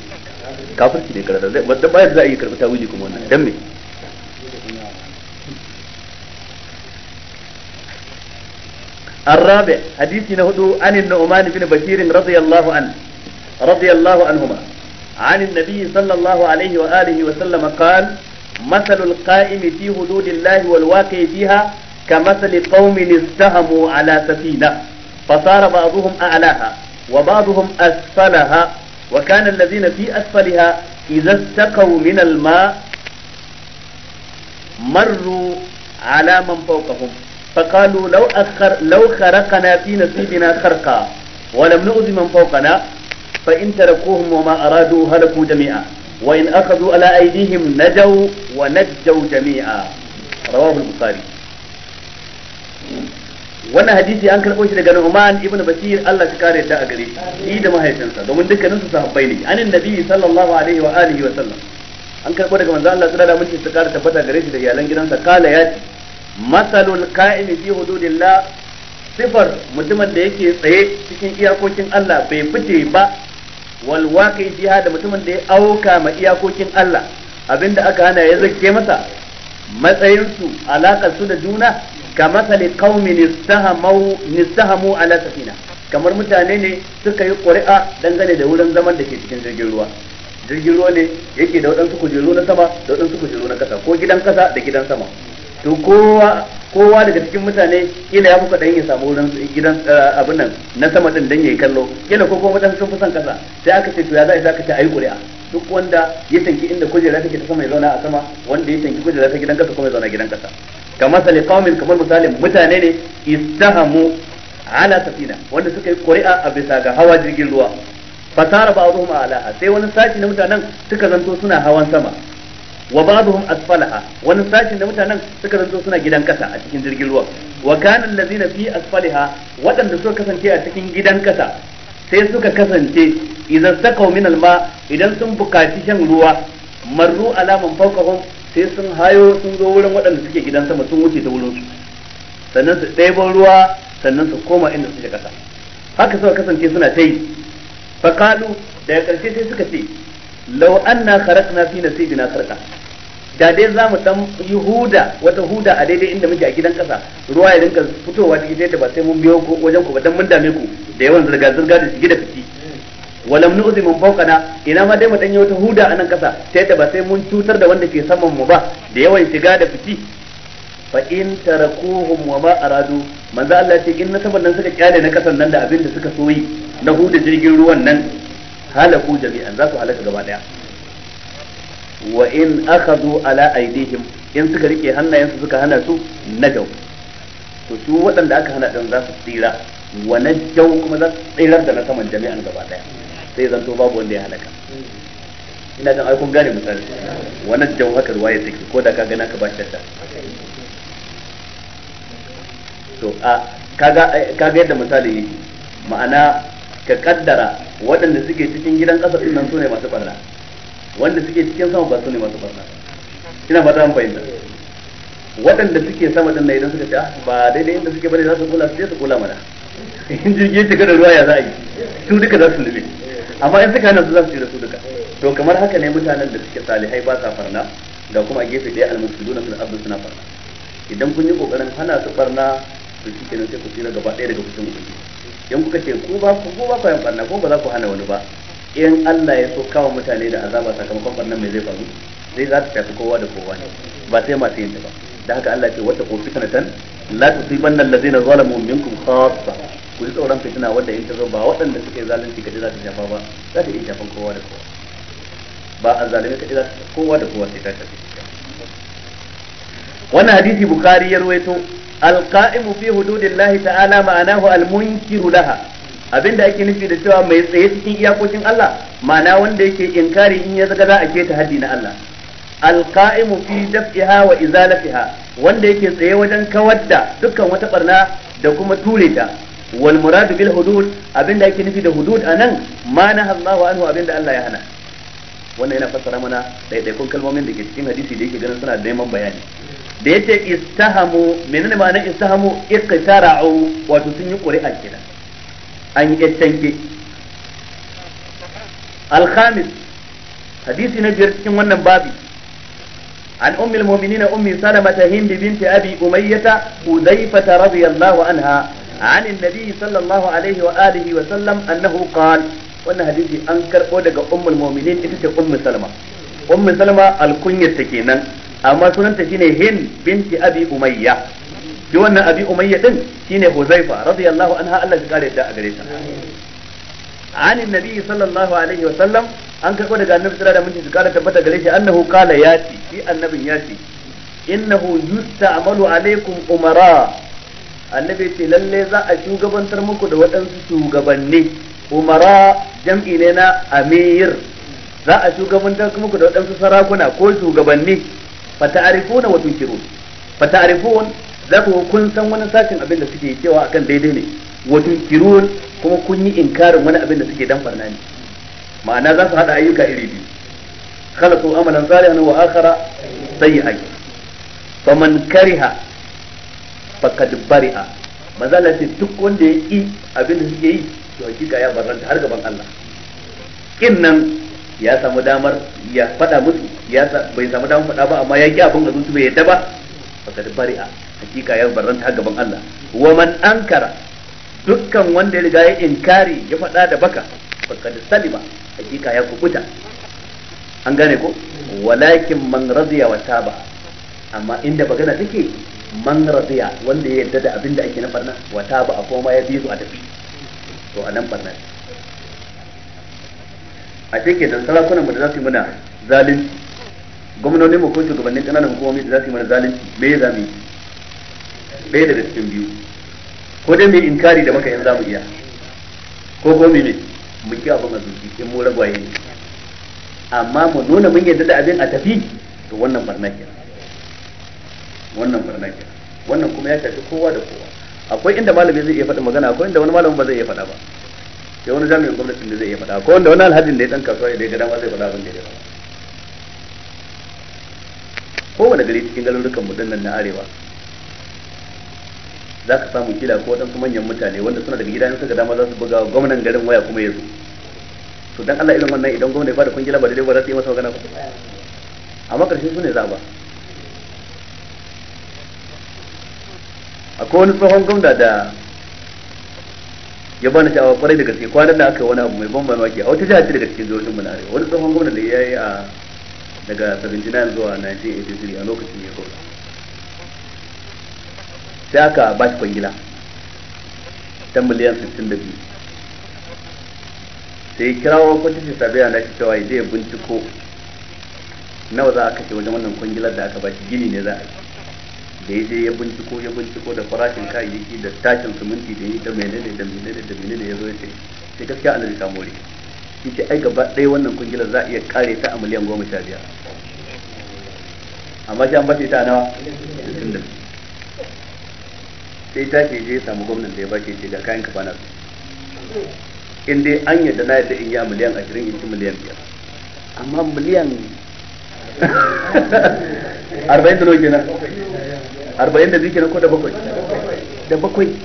kafirci ne karatu da ba ya za a yi karɓi tawili kuma wannan dan me الرابع حديث نهدو عن النعمان بن بشير رضي الله عنه رضي الله عنهما عن النبي صلى الله عليه وآله وسلم قال مثل القائم في حدود الله والواقع فيها كمثل قوم استهموا على سفينة فصار بعضهم أعلاها وبعضهم أسفلها وكان الذين في أسفلها إذا استقوا من الماء مروا على من فوقهم فقالوا لو أخر لو خرقنا في نصيبنا خرقا ولم نؤذ من فوقنا فإن تركوهم وما أرادوا هلكوا جميعا وإن أخذوا على أيديهم نجوا ونجوا جميعا رواه البخاري wannan hadisi an karɓo shi daga Nu'man ibn Bashir Allah ya kare ta a gare shi da mahaifinsa domin dukkanin su sahabbai ne anin nabi sallallahu alaihi wa alihi wa sallam an karɓo daga manzo Allah sallallahu alaihi wa sallam ta kare tabbata gare shi da iyalan gidansa kala ya ce masalul qa'imi fi hududillah sifar mutumin da yake tsaye cikin iyakokin Allah bai fite ba wal waqi fiha da mutumin da ya auka ma iyakokin Allah abinda aka hana ya zake masa matsayin su alakar su da juna ka masali qaumin istahamu nistahamu ala safina kamar mutane ne suka yi ƙuri'a dangane da wurin zaman da ke cikin jirgin ruwa jirgin ruwa ne yake da waɗansu kujeru na sama da waɗansu kujeru na ƙasa ko gidan ƙasa da gidan sama to kowa kowa daga cikin mutane kila ya fuka dan ya samu wurin gidan eh, abin nan na sama din dan yayi kallo kila ko kuma sun fi son kasa sai aka ce to ya za aka ce ayi kuri'a duk wanda ya tanki inda kujera take ta sama ya zauna a sama wanda ya tanki kujera ta gidan kasa kuma ya zauna gidan kasa kamar sali qaumin kamar misalin mutane ne istahamu ala safina wanda suka yi kuri'a a bisa ga hawa jirgin ruwa fasara ba'dhum ala sai wani sashi na mutanen suka zanto suna hawan sama wa ba'dhum asfalaha wani sashin da mutanen suka zanto suna gidan kasa a cikin jirgin ruwa wa kana allazina fi asfaliha waɗanda suka kasance a cikin gidan kasa sai suka kasance idan sakau min alma idan sun bukaci shan ruwa marru alaman fawqahum sai sun hayo sun zo wurin waɗanda suke gidan sama sun wuce ta wurin su sannan su ɗebo ruwa sannan su koma inda suke kasa haka suka kasance suna ta yi kalu da ƙarshe sai suka ce law anna kharaqna fi nasibina kharqa da dai za mu dan yi huda wata huda a daidai inda muke a gidan kasa ruwa ya rinka fitowa cikin daidai ba sai mun biyo ko wajen ku ba dan mun dame ku da yawan zirga zirga da shige da fiti walam nu'zi min fawqana ina ma dai mu dan yi wata huda a nan kasa ta yadda ba sai mun cutar da wanda ke saman mu ba da yawan shiga da fiti fa in tarakuhum wa ma aradu manzo Allah ce in na saban nan suka kyale na kasan nan da abin da suka soyi na huda jirgin ruwan nan halaku jami'an za su halaka gaba daya wa in akhadhu ala aydihim in suka rike hannayensu suka hana su najaw to su waɗanda aka hana din za su tsira wa najaw kuma za su tsirar da na saman jami'an gaba daya sai zanto babu wanda ya halaka ina dan ai kun gane misali wa najaw haka ruwaya take ko da ka ga naka ba shakka to a kaga kaga yadda misali ma'ana ka kaddara waɗanda suke cikin gidan ƙasa din nan sune masu barna wanda suke cikin sama ba sune masu barna ina ba an fahimta waɗanda suke sama din nan idan suka ce ah, ba daidai inda suke bane za su kula su je su kula mana in ji ya cika da ruwa ya za a yi su duka za su nufi amma in suka hana su za su da su duka to kamar haka ne mutanen da suke salihai ba sa farna da kuma a gefe ɗaya almusuluna fil ardi suna farna idan kun yi kokarin hana su farna to kenan sai ku tsira gaba ɗaya daga fushin ubangiji in kuka ce ku ba ku ba ku barna ko ba za ku hana wani ba in Allah ya so kawo mutane da azaba sakamakon barnan mai zai faru zai za ta tafi kowa da kowa ne ba sai masu yin ta ba da haka Allah ce wata ko fitnatan la tusibanna allazina zalamu minkum khassa ku ji tsoron fitina wanda in ta zo ba waɗanda suke zalunci kaje za ta shafa ba za ta iya shafan kowa da kowa ba a zalunci kaɗai za ta kowa da kowa sai ta tafi wannan hadisi Bukhari ya ruwaito alqa'imu fi hududillahi ta'ala ma'anahu almunkiru laha abinda ake nufi da cewa mai tsaye cikin iyakokin Allah ma'ana wanda yake inkari in ya zaga za a keta haddi na Allah alqa'imu fi daf'iha wa izalatiha wanda yake tsaye wajen kawar da dukkan wata barna da kuma ture ta wal muradu bil hudud abinda yake nufi da hudud anan ma naha Allahu anhu abinda Allah ya hana wannan yana fassara mana daidaikun kalmomin da ke cikin hadisi da yake ganin suna da neman bayani da yace istahamu menene ma'anar istahamu iqtara'u wato sun yi ƙuri'a kenan an yi tanke al-khamis hadisi na biyar cikin wannan babi an ummul mu'minin ummi salama ta hind binti abi umayyah hudayfa radiyallahu anha عن النبي صلى الله عليه وآله وسلم أنه قال وأن daga أنكر muminin أم المؤمنين إتت أم سلمة أم سلمة الكنية تكينا amma sunanta shine Hind binti Abi Umayya shi wannan Abi Umayya din shine Huzaifa radiyallahu anha Allah ya kare ta a gare ta an annabi sallallahu alaihi wa sallam an karbo daga annabi sallallahu alaihi wa sallam da tabbata gare shi annahu qala yati shi annabin yati innahu yusta'malu alaikum umara annabi ce lalle za a shugabantar muku da waɗansu shugabanni umara jam'i ne na amir za a shugabantar muku da waɗansu sarakuna ko shugabanni fata'arifuna wa tunkirun fata'arifun za ku kun san wani sashin abin da suke cewa akan daidai ne wa tunkirun kuma kun yi inkarin wani abin da suke dan farna ne ma'ana za su hada ayyuka iri biyu khalaqu amalan salihan wa akhara sayyi'an faman kariha faqad bari'a manzala ce duk wanda ya ki abin da suke yi to hakika ya barranta har gaban Allah kin nan ya samu damar ya faɗa musu ya bai samu damar faɗa ba amma ya ki abin da zuci bai yadda ba fakad bari'a hakika ya barranta gaban Allah wa man ankara dukkan wanda ya riga ya inkari ya faɗa da baka da salima hakika ya kubuta an gane ko walakin man radiya wa taba amma inda magana take man radiya wanda ya yadda da abin da ake na barna wa taba a koma ya bi su a tafi to anan barna a ce kenan sarakunan mu da za su yi mana zalunci gwamnoni mu ko shugabannin kananan hukumomi da za su yi mana zalunci me ya zami yi ɗaya daga cikin biyu ko dai mu inkari da maka in za mu iya ko gomi ne mu ki abin a zuci in mu ragwaye ne amma mu nuna mun yadda da abin a tafi to wannan barna ke wannan barna ke wannan kuma ya shafi kowa da kowa akwai inda malami zai iya faɗa magana akwai inda wani malami ba zai iya faɗa ba sai wani jami'in gwamnatin da zai iya faɗa ko wanda wani alhajin da ya dan kasuwa idan ga dama zai faɗa abin da ya faɗa kowane gari cikin garurukan mu dinnan na arewa za ka samu kila ko waɗansu manyan mutane wanda suna daga gida in suka dama za su buga gwamnan garin waya kuma ya zo to dan Allah irin wannan idan gwamnati ba da kungila ba daidai ba za su yi masa magana ba amma karshen su ne za ba akwai wani tsohon gwamna da ya bani sha'awa kwarai da gaske kwanan da aka yi wani abu mai ban mamaki a wata jihar ce daga cikin jihohin mu na arewa wani tsohon gwamna da ya yi a daga 79 zuwa 1983 a lokacin ya kuma sai aka ba shi kwangila ta miliyan 62 sai kirawo sabi sabiya na cewa ya je binciko nawa za a kashe wajen wannan kwangilar da aka ba shi gini ne za a yi da yaje ya binciko ya binciko da farashin kayayyaki da tashin suminti da yi da menene da menene da menene ya zo ya ce sai gaskiya an rika mori shi ce ai gaba ɗaya wannan kungilar za a iya kare ta a miliyan goma sha biyar amma shi an bace ta nawa sittin da sai ta ce je ya samu gwamnan da ya bace ce ga kayan kafana su in dai an yadda na yadda in yi a miliyan ashirin in ci miliyan biyar amma miliyan arba'in da nawa kenan arba'in da kenan ko da bakwai da bakwai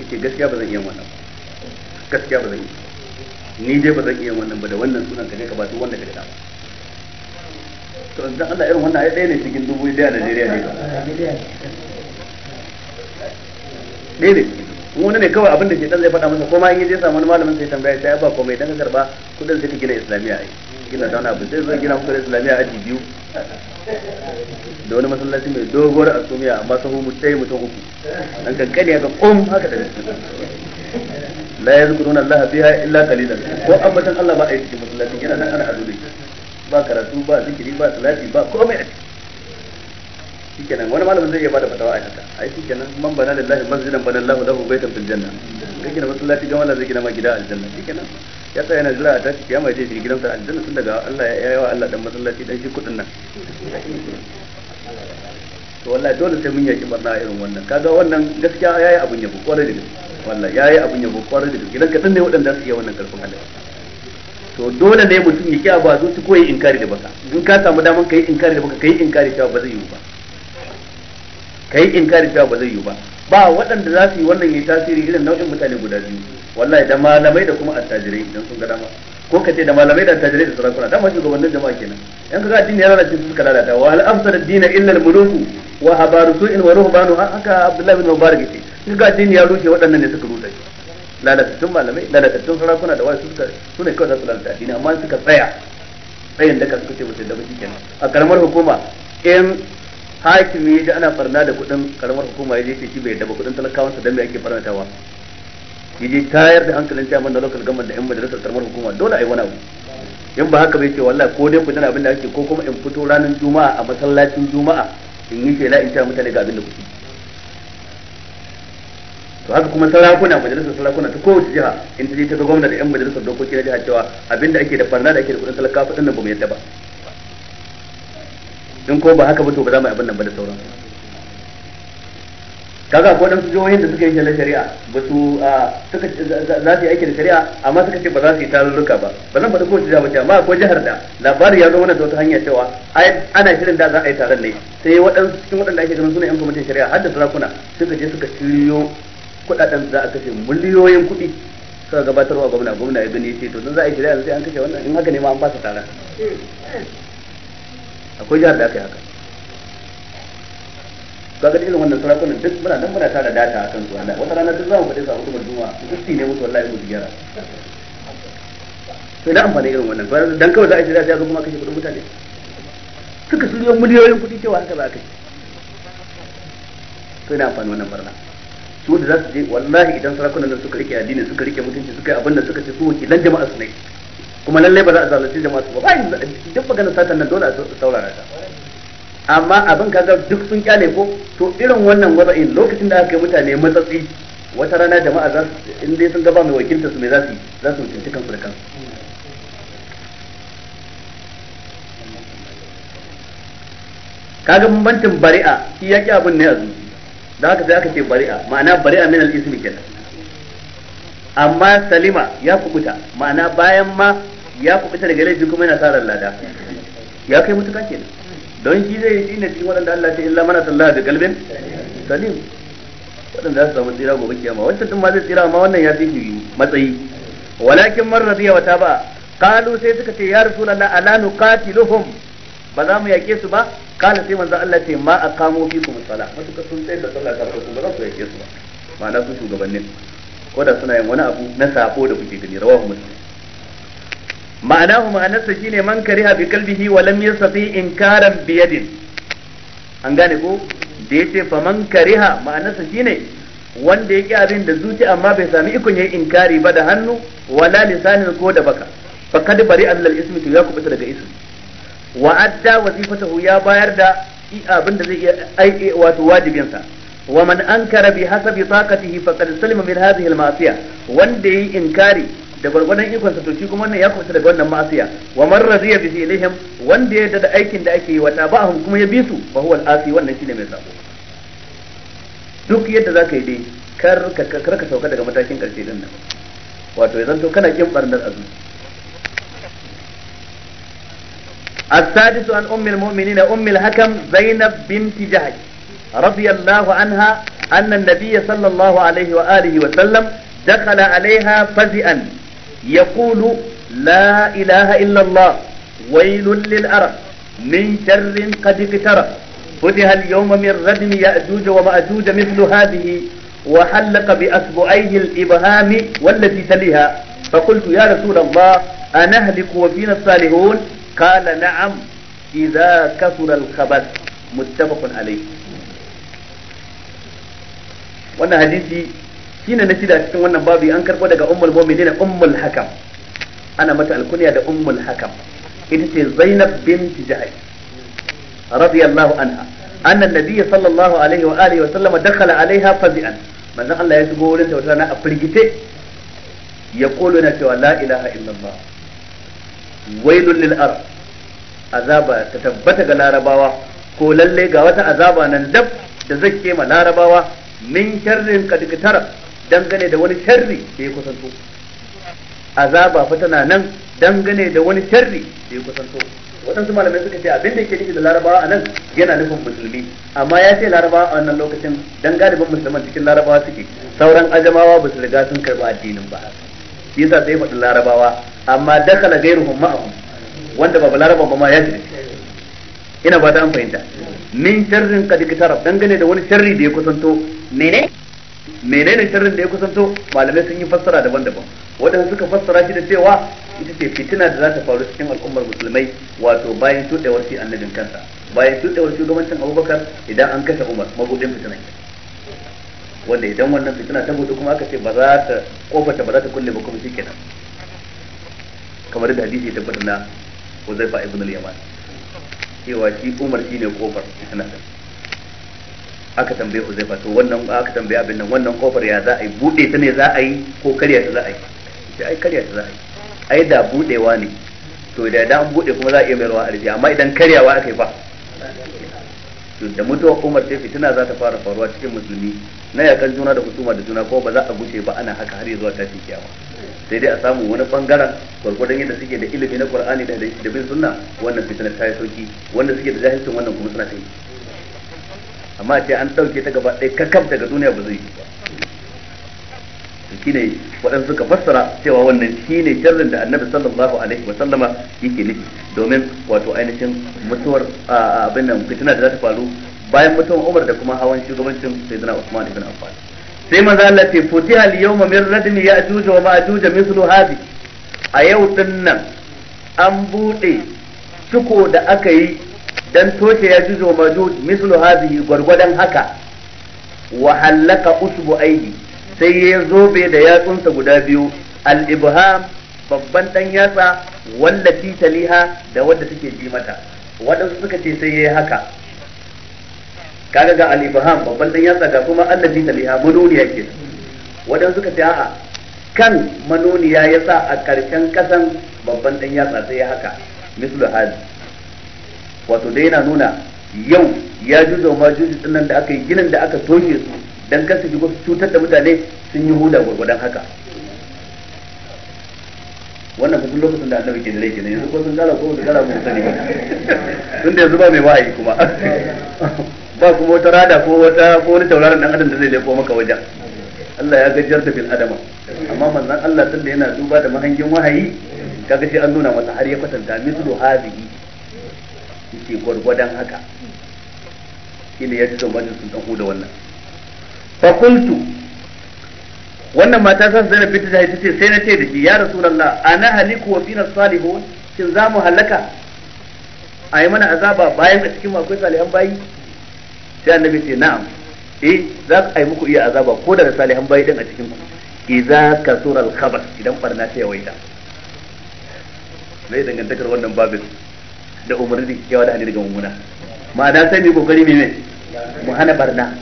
yace gaskiya ba zan iya wannan gaskiya ba zan yi ni dai ba zan iya wannan ba da wannan sunan ka ne ka ba duk wanda ka da to idan Allah irin wannan ai ne cikin dubu ɗaya a Najeriya ne ɗaya ne wani ne kawai abin da ke zai faɗa masa ko ma in zai samu wani malamin sai tambaya sai ba komai dan ka karba kudin sai ka gina islamiyya ai kila da wani abu sai zan gina da islamiyya aji biyu da wani masallaci mai dogon asumiya amma sahu mu tsaye mutum uku kankan ya haka kom haka da la ya yazkuruna Allah biha illa qalilan ko ambatan Allah ba a yi cikin masallacin yana nan ana azumi ba karatu ba zikiri ba salati ba komai a ciki shikenan wani malamin zai iya bada fatawa a haka ai shikenan man bana lillahi masjidan bana lahu lahu baitan fil janna kake da masallaci ga Allah zai gina ma gida aljanna shikenan ya tsaya yana zira a tashi kiyama je shi gidansa aljanna tun daga Allah ya yawa Allah dan masallaci dan shi kudin nan to wallahi dole sai mun yaki barna irin wannan kaga wannan gaskiya yayi abun yabo kwarai da gaske wallahi yayi abun yabo kwarai da gaske idan ka ne waɗanda su yi wannan karfin Allah to dole ne mutum ya kiyaye ba zuci koyi yi inkari da baka in ka samu daman kai inkari da baka kai inkari cewa ba zai yi ba kai inkari cewa ba zai yiwu ba ba waɗanda za su yi wannan ya tasiri irin nau'in mutane guda biyu wallahi da malamai da kuma attajirai idan sun ga dama ko ka ce da malamai da attajirai da sarakuna dama shugabannin jama'a kenan yan kaga addini ya lalace su suka lalata wa al afsada ad-din illa al-muluku wa habaru su'in wa ruhbanu haka abdullahi bin mubarak yace ga addini ya rushe waɗannan ne suka rushe lalatattun malamai lalatattun sarakuna da wasu suka su ne kawai za su lalata addini amma suka tsaya tsayin da suka ce mutum da baki kenan a karamar hukuma in hakimi ya ji ana farna da kuɗin karamar hukuma ya je ce shi bai daba kuɗin talakawansa don me ake wa. yaje tayar da hankalin chairman da local government da yan majalisar karamar hukuma dole ai wani abu in ba haka bai ce wallahi ko dai kudin abin da ake ko kuma in fito ranar juma'a a masallacin juma'a in yi shela in ta mutane ga abin da kuke to haka kuma sarakuna majalisar sarakuna ta kowace jiha in ta je ta ga gwamna da yan majalisar dokoki na jiha cewa abin da ake da farna da ake da kudin talakawa fadin nan ba mu yadda ba in ko ba haka ba to ba za mu yi abin nan ba da sauransu kaga ko dan jihohin da suka yi na shari'a ba su suka za su yi aiki da shari'a amma suka ce ba za su yi tarurruka ba ba zan faɗi kowace jiha ba amma ko jihar da labari ya zo mana da wata hanya cewa ana shirin da za a yi taron ne sai waɗansu cikin waɗanda ake ganin suna yan kwamitin shari'a har da sarakuna suka je suka shiryo kuɗaɗen za a kashe miliyoyin kuɗi suka gabatarwa gwamna gwamna ya gani ce to dan za a yi shari'a sai an kashe wannan in haka ne ma an fasa taron hmm. akwai jihar da aka yi haka ka ga irin wannan sarakunan duk muna nan muna tara data a kan su Allah wata rana duk za mu faɗi sa hudu juma'a gusti ne mutu wallahi mutu gyara sai da amfani irin wannan to dan kawai za a ji za ga kuma kashe kudin mutane suka shirya miliyoyin kudi cewa haka za ka kai sai da amfani wannan barna su da za su je wallahi idan sarakunan nan suka rike addini suka rike mutunci suka yi abin da suka ce su wakilan jama'a su ne kuma lallai ba za a zalunci jama'a su ba ba duk maganar satan nan dole a saurara ta amma abin kaga duk sun kyale ko to irin wannan wada'in lokacin da aka yi mutane matsatsi wata rana jama'a za su in dai sun gaba mai wakilta su mai za su za su mutunci kansu da kansu kaga bambancin bari'a shi yaki abin ne a zuci da haka sai aka ce bari'a ma'ana bari'a min al-ismi kenan amma salima ya kubuta ma'ana bayan ma ya kubuta daga laifi kuma yana sa lada ya kai mutuka kenan don shi zai yi ne cikin waɗanda Allah ce illa mana sallah da kalbin salim waɗanda za su samu tsira gobe kiyama wancan tun ma zai tsira amma wannan ya fi shi matsayi walakin man radiya wa taba qalu sai suka ce ya rasulullah ala nuqatiluhum ba za mu yake su ba qala sai manzo Allah ce ma aqamu fikum sala matuka sun tsaya da sallah ta ku ba za su yake su ba ma'ana su shugabannin ko da suna yin wani abu na sako da kuke gani rawahu muslim ma'anahu ma'anarsa shine man kariha bi qalbihi wa lam yastati inkaran bi yadin an gane ko da yace fa man kariha ma'anarsa shine wanda yake abin da zuci amma bai sami ikon yayi inkari ba da hannu wala lisanin ko da baka fa kad bari allal ismi to ya kubuta daga ismi wa adda wazifatahu ya bayar da abin da zai iya wato wajibinsa wa man ankara bi hasabi taqatihi faqad salima min hadhihi al-ma'siyah wanda yayi inkari da gwargwadon ikon sa to shi kuma wannan ya kusa daga wannan ma'asiya wa man radiya bi ilaihim wanda ya da aikin da ake yi wata ba kuma ya bi su fa huwa al-asi wannan shine mai sako duk yadda zaka yi dai kar ka kar ka sauka daga matakin karshe din nan wato ya zanto kana kin barnar azu السادس عن أم المؤمنين أم الحكم زينب بنت جهش رضي الله عنها أن النبي صلى الله عليه وآله وسلم دخل عليها فزئا يقول لا إله إلا الله ويل للأرى من شر قد اقترب فتح اليوم من ردم يأجوج ومأجوج مثل هذه وحلق بأصبعيه الإبهام والتي تليها فقلت يا رسول الله أنهلك وفينا الصالحون قال نعم إذا كثر الخبث متفق عليه وأنا hadisi shine na shida cikin wannan babu an karbo daga ummul mu'minin ummul hakam ana mata alkunya da ummul hakam ita ce zainab bint jahsh radiyallahu anha anna nabiy sallallahu alaihi wa alihi wa sallama dakhala alaiha fazi'an manzon Allah ya shigo wurin ta wata na a ya kolo na cewa la ilaha illallah wailul lil arab azaba ta tabbata ga larabawa ko lalle ga wata azaba nan dab da zai kema larabawa min sharrin qad dangane da wani sharri da ya kusanto azaba fa tana nan dangane da wani sharri da ya kusanto waɗansu malamai suka ce abin da yake nufi da larabawa a nan yana nufin musulmi amma ya ce larabawa a wannan lokacin dan galibin musulman cikin larabawa suke sauran ajamawa ba su riga sun karɓi addinin ba shi yasa sai faɗin larabawa amma dakala gairuhum ma'ahum wanda ba balaraba ba ma ya shiga ina ba ta an fahimta min sharrin qad dangane da wani sharri da ya kusanto menene menene sharrin da ya kusanto malamai sun yi fassara daban-daban waɗanda suka fassara shi da cewa ita ce fitina da za ta faru cikin al'ummar musulmai wato bayan tudewar shi annabin kansa bayan tudewar shugabancin abubakar idan an kashe umar mabudin fitina wanda idan wannan fitina ta buɗe kuma aka ce ba za ta kofarta ba za ta kulle ba kuma kenan kamar da hadisi ya tabbata na Huzaifa ibn al-Yaman cewa shi Umar shine kofar fitina aka tambaye Huzaifa to wannan aka tambaye abin nan wannan kofar ya za a yi bude ta ne za a yi ko karya ta za a yi sai ai karya ta za a yi ai da budewa ne to da da an bude kuma za a iya ruwa arji amma idan karyawa aka yi fa to da mutuwar Umar ta fitina za ta fara faruwa cikin musulmi na yakan juna da husuma da juna kuma ba za a gushe ba ana haka har zuwa tashi kiyama sai dai a samu wani bangaren gwargwadon yadda suke da ilimi na Qur'ani da bin sunna wannan fitina ta yi sauki wanda suke da jahilcin wannan kuma suna ta yi amma ce an ɗauke ta gaba ɗaya kakaf daga duniya ba zai yi ba ne waɗansu suka fassara cewa wannan shine jarrin da annabi sallallahu alaihi wa sallama yake nufi domin wato ainihin mutuwar abin nan fitina da za ta faru bayan mutuwar Umar da kuma hawan shugabancin Sayyidina Usman ibn Affan sai manzo Allah ce futiha al-yawma min ya ya'juj wa ma'juj mithlu hadi a yau dinnan nan an bude tuko da aka yi dan toshe ya juzo majud mislu hadhihi gwargwadon haka wa halaka usbu aidi sai ya zobe da yatsunsa guda biyu al ibham babban dan yatsa wallati taliha da wadda take ji mata waɗansu suka ce sai yayi haka kaga ga al ibham babban dan yatsa ga kuma allati taliha manoniya ke waɗansu suka ce a'a kan manoniya yasa a ƙarshen kasan babban dan yatsa sai ya haka mislu hadhihi wato dai yana nuna yau ya juza ma juji dinnan da aka yi ginin da aka toshe su dan kasu ji wasu cutar da mutane sun yi huda gwargwadon haka wannan fa lokacin da annabi ke da rai ne yanzu ko sun gara ko sun gara ko sani tun da yanzu ba mai wa'ayi kuma ba kuma wata rada ko wata ko wani tauraron dan adam da zai leko maka wajen Allah ya gajiyar da bil adama amma manzon Allah tun da yana duba da mahangin wahayi kaga sai an nuna masa har ya kwatanta mislu hadhihi ke gwargwadon haka shine ya tsoma da sun dan da wannan fakultu wannan mata sa zana fita da haifi sai na ce da shi ya rasu lalla a na haliku wa fina salihun shin za mu halaka a yi mana azaba bayan a cikin akwai salihan bayi sai annabi ce na'am eh za ka yi muku iya azaba ko da salihan bayi din a cikin ku idza kasura al-khabar idan barna ta yawaita zai dangantakar wannan babin da umarni da kyakkyawa da hali daga mummuna ma'ana sai mu yi kokari mai mu hana barna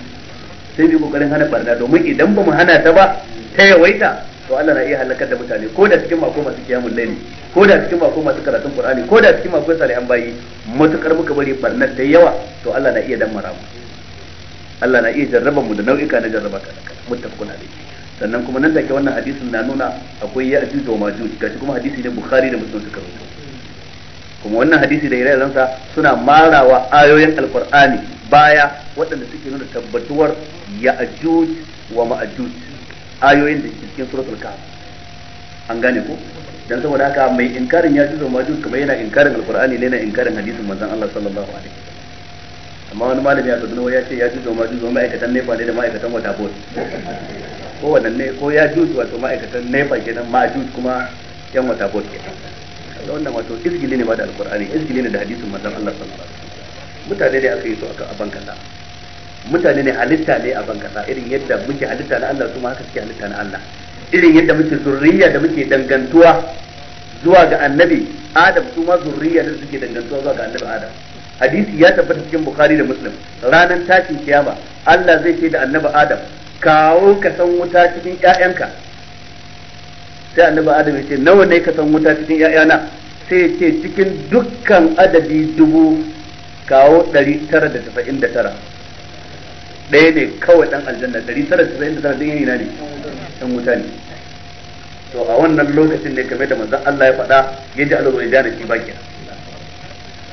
sai mu yi kokarin hana barna domin idan ba mu hana ta ba ta yawaita to Allah na iya halakar da mutane ko da cikin mako masu kiyamul laili ko da cikin mako masu karatun Qur'ani ko da cikin mako salihan bayi matukar muka bari barna ta yawa to Allah na iya dan mu Allah na iya jarraba mu da nau'ika na jarraba kana muttafaqun alayhi sannan kuma nan take wannan hadisin na nuna akwai ya'juj wa majuj gashi kuma hadisi ne Bukhari da Muslim suka rawaito kuma wannan hadisi da ire zansa suna marawa ayoyin alkur'ani baya waɗanda suke nuna tabbatuwar ya'juj wa ma'juj ayoyin da ke cikin suratul kahf an gane ko dan saboda haka mai inkarin ya wa ma'juj kuma yana inkarin alkur'ani ne yana inkarin hadisin manzon Allah sallallahu alaihi amma wani malami ya nawa ya ce ya'juj wa ma'juj wa ma'aikatan nefa ne da ma'aikatan wata bot ko wannan ne ko ya ya'juj wato ma'aikatan nefa kenan ma'juj kuma yan wata bot kenan kaga wannan wato izgili ne ma da alqur'ani izgili ne da hadisin manzon Allah sallallahu alaihi wasallam mutane ne aka yi su aka aban kasa mutane ne halitta ne a bankasa irin yadda muke halitta na Allah kuma haka suke halitta na Allah irin yadda muke zurriya da muke dangantuwa zuwa ga annabi Adam su ma zurriya da suke dangantuwa zuwa ga annabi Adam hadisi ya tabbata cikin Bukhari da Muslim ranar tashin kiyama Allah zai ce da annabi Adam kawo ka san wuta cikin ƴaƴanka sai annabi adam ya ce nawa ne ka san wuta cikin ƴaƴana sai ya ce cikin dukkan adadi dubu kawo ɗari tara da tafa'in da tara ɗaya ne kawai ɗan aljanna ɗari tara da tafa'in da tara ɗin yana ne ɗan wuta ne to a wannan lokacin ne kamar da manzon Allah ya faɗa ya ji alwai ya ji baki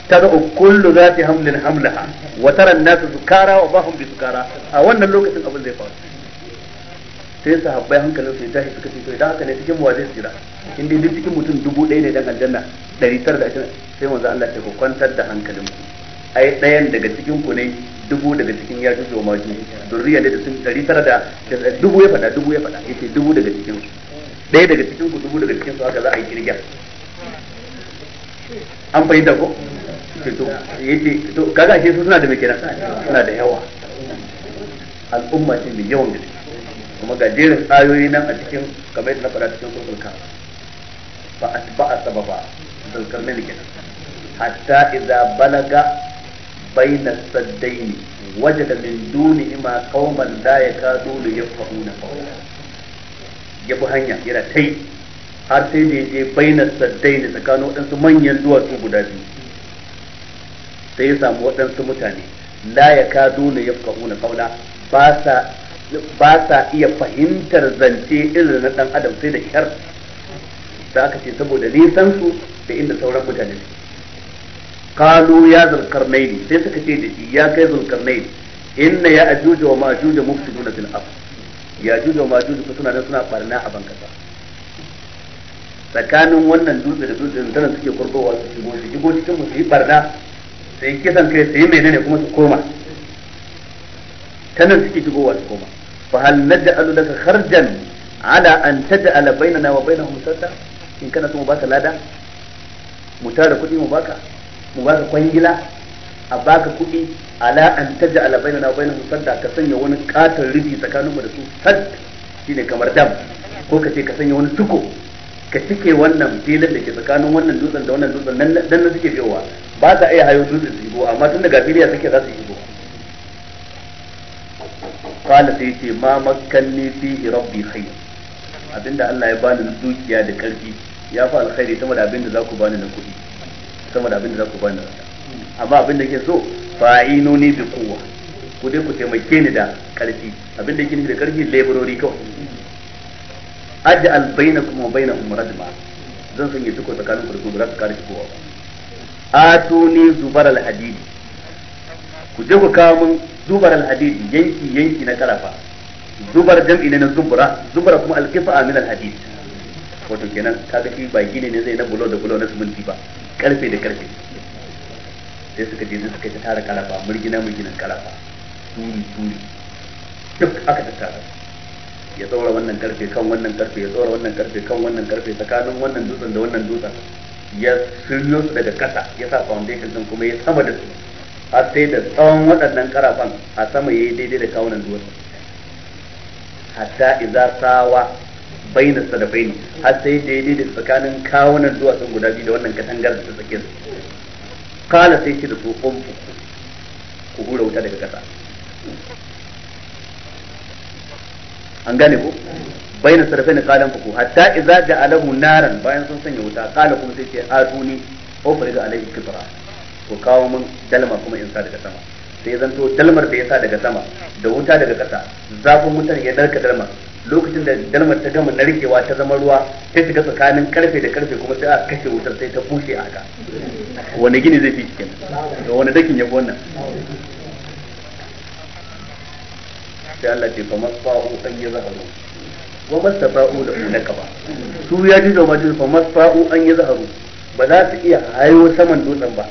تدع كل ذات حمل حملها nasu sukara wa bahum bi sukara a wannan lokacin abin zai faru sai sahabbai hankalin su ya tashi suka fito idan haka ne cikin mu zai tsira in dai cikin mutum dubu ɗaya ne dan aljanna ɗari tara da ashirin sai manzo Allah ya kwantar da hankalin ku ai ɗayan daga cikin ku ne dubu daga cikin ya jujo ma jujo durriya ne da sun ɗari tara da dubu ya faɗa dubu ya faɗa yace dubu daga cikin su ɗaya daga cikin ku dubu daga cikin su haka za a yi kirga an fahimta ko yace to kaga ashe suna da me kenan suna da yawa al'umma ce mai yawan gaske kuma ga jerin ayoyi nan a cikin kamar yadda na faɗa cikin sulhul kahf fa asba'a sababa zulkarnaini kenan hatta idza balaga baina saddaini wajada min dunihima qauman la yakaduna yafqahuna qawla yabu hanya yana tai har sai da yaje baina saddaini tsakanin waɗansu manyan duwatsu guda biyu sai ya samu waɗansu mutane la yakaduna yafqahuna qawla ba sa ba sa iya fahimtar zance irin na dan adam sai da shar da aka ce saboda nisan su da inda sauran mutane su kalu ya zulkarnaini sai suka ce da ya kai zulkarnaini inna ya ajuja wa majuja mufsiduna fil ardh ya ajuja wa majuja su suna da suna barna a bankasa tsakanin wannan dutse da dutse da nan suke kurbowa su shigo su shigo cikin mu su yi barna sai kisan kai sai menene kuma su koma ta suke shigowa su koma fa hal naj'alu laka kharjan ala an taj'ala bainana wa bainahum sadda in kana so mu baka lada mu tara kuɗi mu baka mu baka kwangila a baka kuɗi ala an taj'ala bainana wa bainahum sadda ka sanya wani katon rufi tsakaninmu da su sad shine kamar dam ko ka ce ka sanya wani tuko ka cike wannan filin da ke tsakanin wannan dutsen da wannan dutsen nan nan suke fiyowa ba ta iya hayo dutsen su yigo amma tun daga filiya suke za su yigo qala sai ce ma makkanni fi rabbi khair abinda Allah ya bani na dukiya da karfi ya fa alkhairi sama da abinda za ku bani na kuɗi sama da abinda za ku bani na amma abinda ke so fa fa'inuni bi quwwa ku dai ku taimake ni da karfi abinda yake nufi da karfi laborori kawai aj'al bainakum wa bainahum rajma zan sanya duk tsakanin ku da ku ba za su kare kowa ba atuni zubar al-hadidi ku je ku kawo mun zubar alhadid yanki yanki na karafa zubar jam'i ne na zubra zubra kuma alkifa min alhadid wato kenan kaga shi ba gine ne zai na bulo da bulo na suminti ba karfe da karfe sai suka je suka ta tara karafa murgina murginan karafa turi turi duk aka tattara ya tsora wannan karfe kan wannan karfe ya tsora wannan karfe kan wannan karfe tsakanin wannan dutsen da wannan dutsen ya shiryo su daga kasa ya sa foundation din kuma ya sama da su a sai da tsawon waɗannan karafan a sama ya yi daidai da kawunan duwatsu hatta iza sawa baina sadafaini har sai daidai da tsakanin kawunan sun guda biyu da wannan katangar da ta sake su kala sai ce da su umfu ku hura wuta daga ƙasa an gane ko baina sadafaini kalan fuku hatta iza ja'alahu naran bayan sun sanya wuta kala kuma sai ce atuni ufriga alayhi kibra ko kawo mun dalma kuma in sa daga sama sai zan to dalmar da ya sa daga sama da wuta daga ƙasa zafin mutane ya narka dalmar lokacin da dalmar ta gama narkewa ta zama ruwa ta shiga tsakanin karfe da karfe kuma sai a kashe wutar sai ta bushe a haka wani gini zai fi cikin da wani dakin ya wannan sai Allah ce kamar fa'u an yi zaharu wa fa'u da kuma ba su ya ji da majin kamar fa'u an yi zaharu ba za su iya hayo saman dutsen ba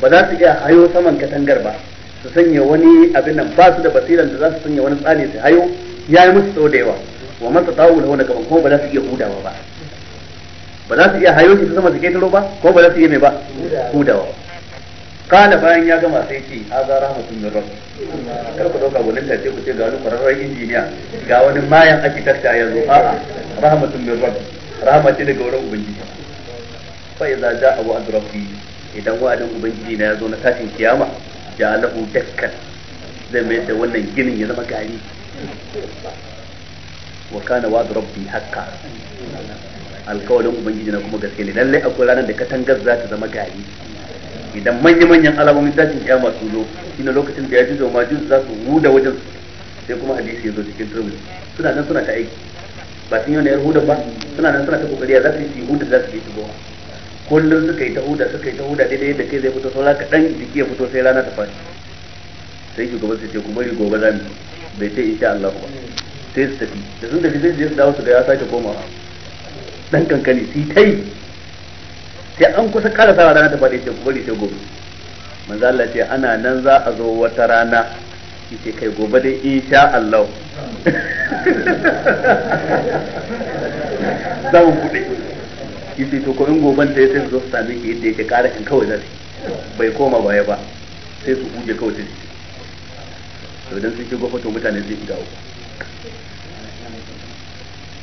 ba za su iya hayo saman katangar ba su sanya wani abin nan ba su da basiran da za su sanya wani tsani su hayo ya yi musu tsawo da yawa wa masa tawu da wani gaban kuma ba za su iya hudawa ba ba za su iya hayo su sama su ketaro ba ko ba za su iya mai ba hudawa kana bayan ya gama sai ce a za rahmatun min rabbi kar ku dauka gwanin tace ku ce ga wani kwararren injiniya ga wani mayan architect ya zo a'a rahmatun min rabbi rahmatin daga wurin ubangiji fa idza ja'a wa'd rabbi idan wa'adin ubangiji na ya zo na tashin kiyama ja lahu dakkan zai mai da wannan ginin ya zama gari wa kana wa'd rabbi hakka alkawalin ubangiji na kuma gaske ne lallai akwai ranar da katangar za ta zama gari idan manya-manyan alamomin tashin kiyama su zo shine lokacin da ya ji jizo ma jizo za su huda wajen sai kuma hadisi ya zo cikin turmi suna nan suna ta aiki ba sun yi wani yahudan ba suna nan suna ta kokari za su yi hudu za su yi shigowa kullum suka yi ta huda suka yi ta huda daidai da kai zai fito ka kaɗan jiki ya fito sai rana ta fashi sai gobe sai ce ku bari gobe za bai ce insha Allah ba sai su tafi da sun tafi sai su su dawo su ga ya sake komawa dan kankani sai kai sai an kusa kara sa rana ta faɗi sai ku bari sai gobe manzo Allah ce ana nan za a zo wata rana ce kai gobe dai insha Allah za mu kuɗi yace to ko in goban ta sai su zo su same ki yadda yake ƙara in kawai za bai koma baya ba sai su huje kawai sai su to idan sun shigo to mutane zai shiga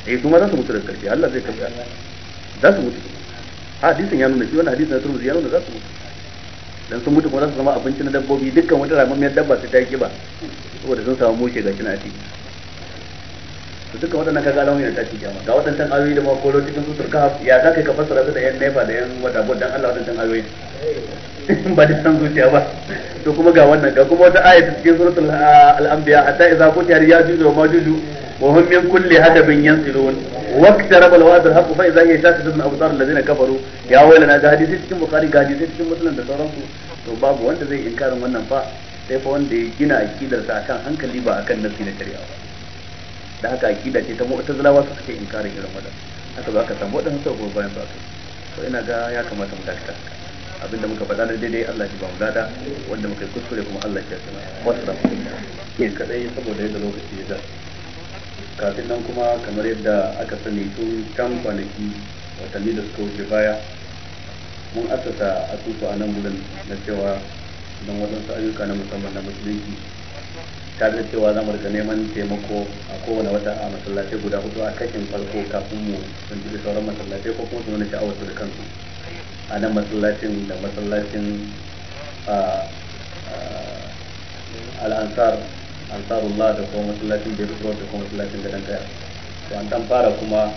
eh kuma ma za su mutu da karshe Allah zai kafa za su mutu hadisin ya nuna shi wannan hadisin na turmuzi ya nuna za su mutu dan sun mutu kuma za su zama abinci na dabbobi dukkan wata ramammiyar dabba su ta yi kiba saboda sun samu ga gashi na ciki to duka waɗannan kaga alamu yana tashi kiyama ga wadannan ayoyi da ma koro cikin sutur kahf ya zaka ka fassara su da yan nefa da yan wata bo dan Allah wadannan ayoyi ba da san zuciya ba to kuma ga wannan ga kuma wata ayatu cikin suratul ah, al-anbiya hatta idza qutiya yajuj ma majuj wa hum min kulli hadabin yansilun waqtaraba al-wa'd al-haqq fa idza hiya min abdar alladhina kafaru ya wailana ga hadisi cikin bukhari ga hadisi cikin muslim da sauransu to babu wanda zai inkarin wannan fa sai fa wanda ya gina akidar sa akan hankali ba akan nafsi na shari'a ba da haka akida ce ta mu'tazilawa su suke inkarin irin wannan haka za ka samu wadannan sabuwar bayan su to ina ga ya kamata mu dakata abinda muka faɗa na daidai Allah ya ba mu dada wanda muka yi kuskure kuma Allah shi ya sana wasra yin kadai saboda yadda lokaci ya da kafin nan kuma kamar yadda aka sani tun can kwanaki watanni da suka wuce baya mun asasa asusu a nan gudan na cewa don waɗansu ayyuka na musamman na musulunci ta zai cewa za mu rika neman taimako a kowane wata a masallatai guda hudu a kashin farko kafin mu ji sauran masallatai ko kuma su nuna sha'awar su da kansu a nan masallacin da masallacin al'ansar ansarullah da kuma masallacin beirut road da kuma masallacin da kaya to an dan fara kuma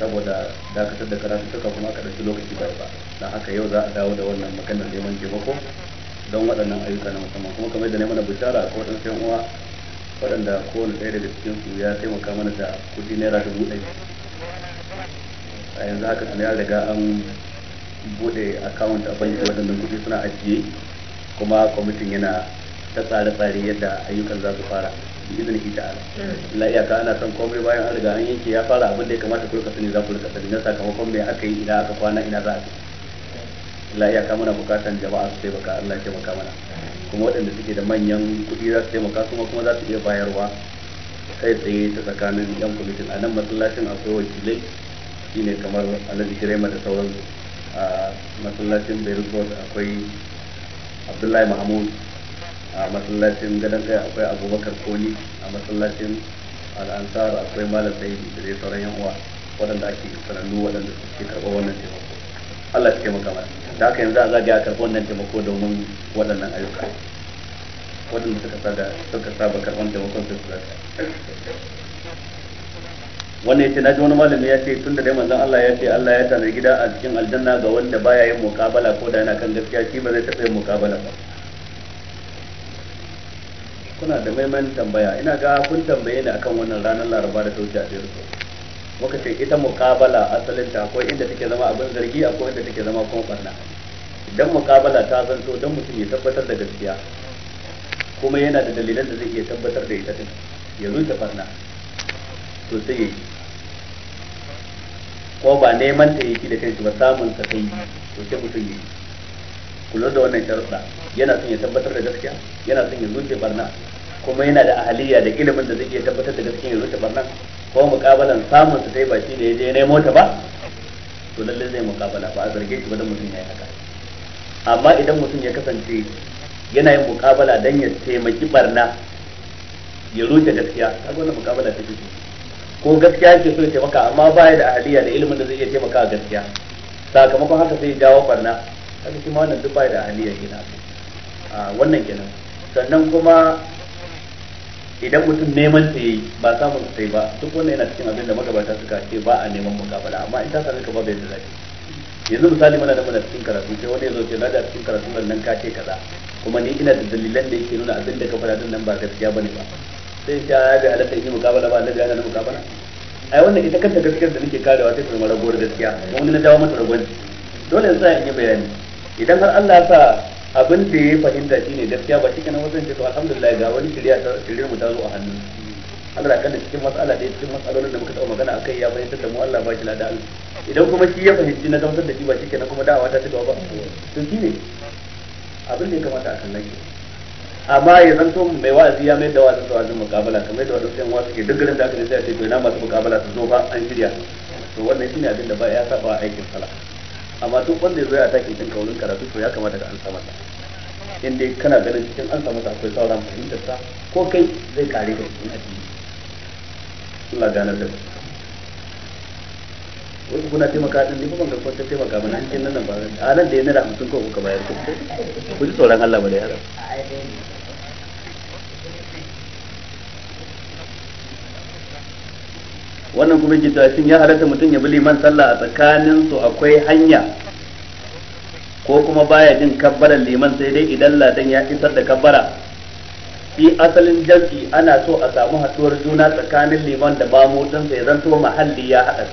saboda dakatar da karatu suka kuma aka ɗauki lokaci bai ba don haka yau za a dawo da wannan maganar neman taimako don waɗannan ayyuka na musamman kuma kamar da na mana bishara ko waɗansu yan uwa waɗanda kowane ɗaya daga cikin su ya taimaka mana da kuɗi naira dubu ɗaya a yanzu haka tun ya riga an buɗe akawunt a bankin waɗannan kuɗi suna ajiye kuma kwamitin yana ta tsare-tsare yadda ayyukan za su fara bi izin ki ala hmm. la iyaka ana son komai bayan an riga an yanke ya fara abin da ya kamata ku rika sani za ku rika sani na sakamakon me aka yi ina aka kwana ina za a tafi Allah ya kama na bukatan jama'a su taimaka Allah ya taimaka mana kuma waɗanda suke da manyan kuɗi za su taimaka kuma kuma za su iya bayarwa kai tsaye ta tsakanin yan kwamitin a nan masallacin akwai wakilai shine kamar alhaji kirema da sauran a masallacin beirut akwai abdullahi mahmud a masallacin gadon kai akwai abubakar koli a masallacin al'ansar akwai malam sai da sauran yan uwa waɗanda ake sanannu waɗanda suke karɓar wannan taimako Allah ya taimaka mana da haka yanzu a zagaya karɓi wannan taimako domin waɗannan ayyuka waɗanda suka saba suka saba karɓar taimakon su zaka wannan yace naji wani malami ya ce tunda dai manzon Allah ya ce Allah ya tana gida a cikin aljanna ga wanda baya yin muƙabala ko da yana kan gaskiya shi ba zai taɓa yin muƙabala. ba kuna da maimaitan tambaya ina ga kun tambaye ni akan wannan ranar Laraba da ta wuce a Jericho muka ce ita muqabala asalin ta akwai inda take zama abin zargi akwai inda take zama kuma barna idan muqabala ta zanto dan mutum ya tabbatar da gaskiya kuma yana da dalilan da zai iya tabbatar da ita din ya zo barna to sai ko ba neman ta yake da kanshi ba samun ta sai to sai mutum yayi kula da wannan sharuɗa yana son ya tabbatar da gaskiya yana son ya zuce barna kuma yana da ahaliya da ilimin da zai iya tabbatar da gaskiya ya zuce barna ko mukabalan samun su dai ba shi ne ya je nemo ta ba to lalle zai mukabala ba a zarge shi ba dan mutum ya yi haka amma idan mutum ya kasance yana yin mukabala dan ya taimaki barna ya rushe gaskiya kaga wannan mukabala ta kike ko gaskiya ke so ya taimaka amma baya da ahliya da ilimin da zai iya taimaka gaskiya sakamakon haka sai ya jawo barna kaga shi ma wannan duk baya da ahliya gina a wannan kenan sannan kuma idan mutum neman ta yi ba samun ta yi ba duk wannan yana cikin abin da magabata suka ce ba a neman mukabala amma in ta sami ka ba bai da zafi yanzu misali mana da mana cikin karatu sai wani ya zo ce na da cikin karatu nan nan ka ce kaza kuma ni ina da dalilan da yake nuna abin da ka faɗa din nan ba gaskiya bane ba sai ya ya bi halatta in yi mukabala ba annabi yana mukabala ai wannan ita kanta gaskiyar da nake karewa sai kuma ragowar gaskiya wani na dawo mata ragowar dole yanzu in yi bayani idan har Allah ya sa abin da ya fahimta ne gaskiya ba shi kenan wasu cewa alhamdulillah ga wani shirya ta shirya mu ta zo a hannun Allah kan da cikin matsala da cikin matsalolin da muka taɓa magana akai ya bayyana da mu Allah ba shi da Allah idan kuma shi ya fahimci na gamsar da shi ba shi kenan kuma da'awa ta ci gaba to ne abin da ya kamata a kallon shi amma ya to mai wa'azi ya mai da wa'azin da wa'azin mukabala kamar da wadansu yan wasu ke duk garin da aka ne sai a ce to ina masu mukabala su zo ba an shirya to wannan ne abin da ba ya saba aikin sallah amma duk wanda ya zo ya take din kaurin karatu to ya kamata ka an sa masa in dai kana ganin cikin an sa masa akwai sauran fahimtar sa ko kai zai kare ka cikin addini Allah ganar da wasu kuna taimaka din ne ban ga ko ta taimaka mana cikin nan ba a nan da yana da hamsin ko kuka bayar ku ji tsoron Allah ba da yara wannan kuma yake cewa shin ya halatta mutum ya bi liman sallah a tsakanin su akwai hanya ko kuma baya jin kabbalar liman sai dai idan ladan ya isar da kabbara fi asalin jam'i ana so a samu haɗuwar juna tsakanin liman da ba bamutun sai zan to mahalli ya haɗa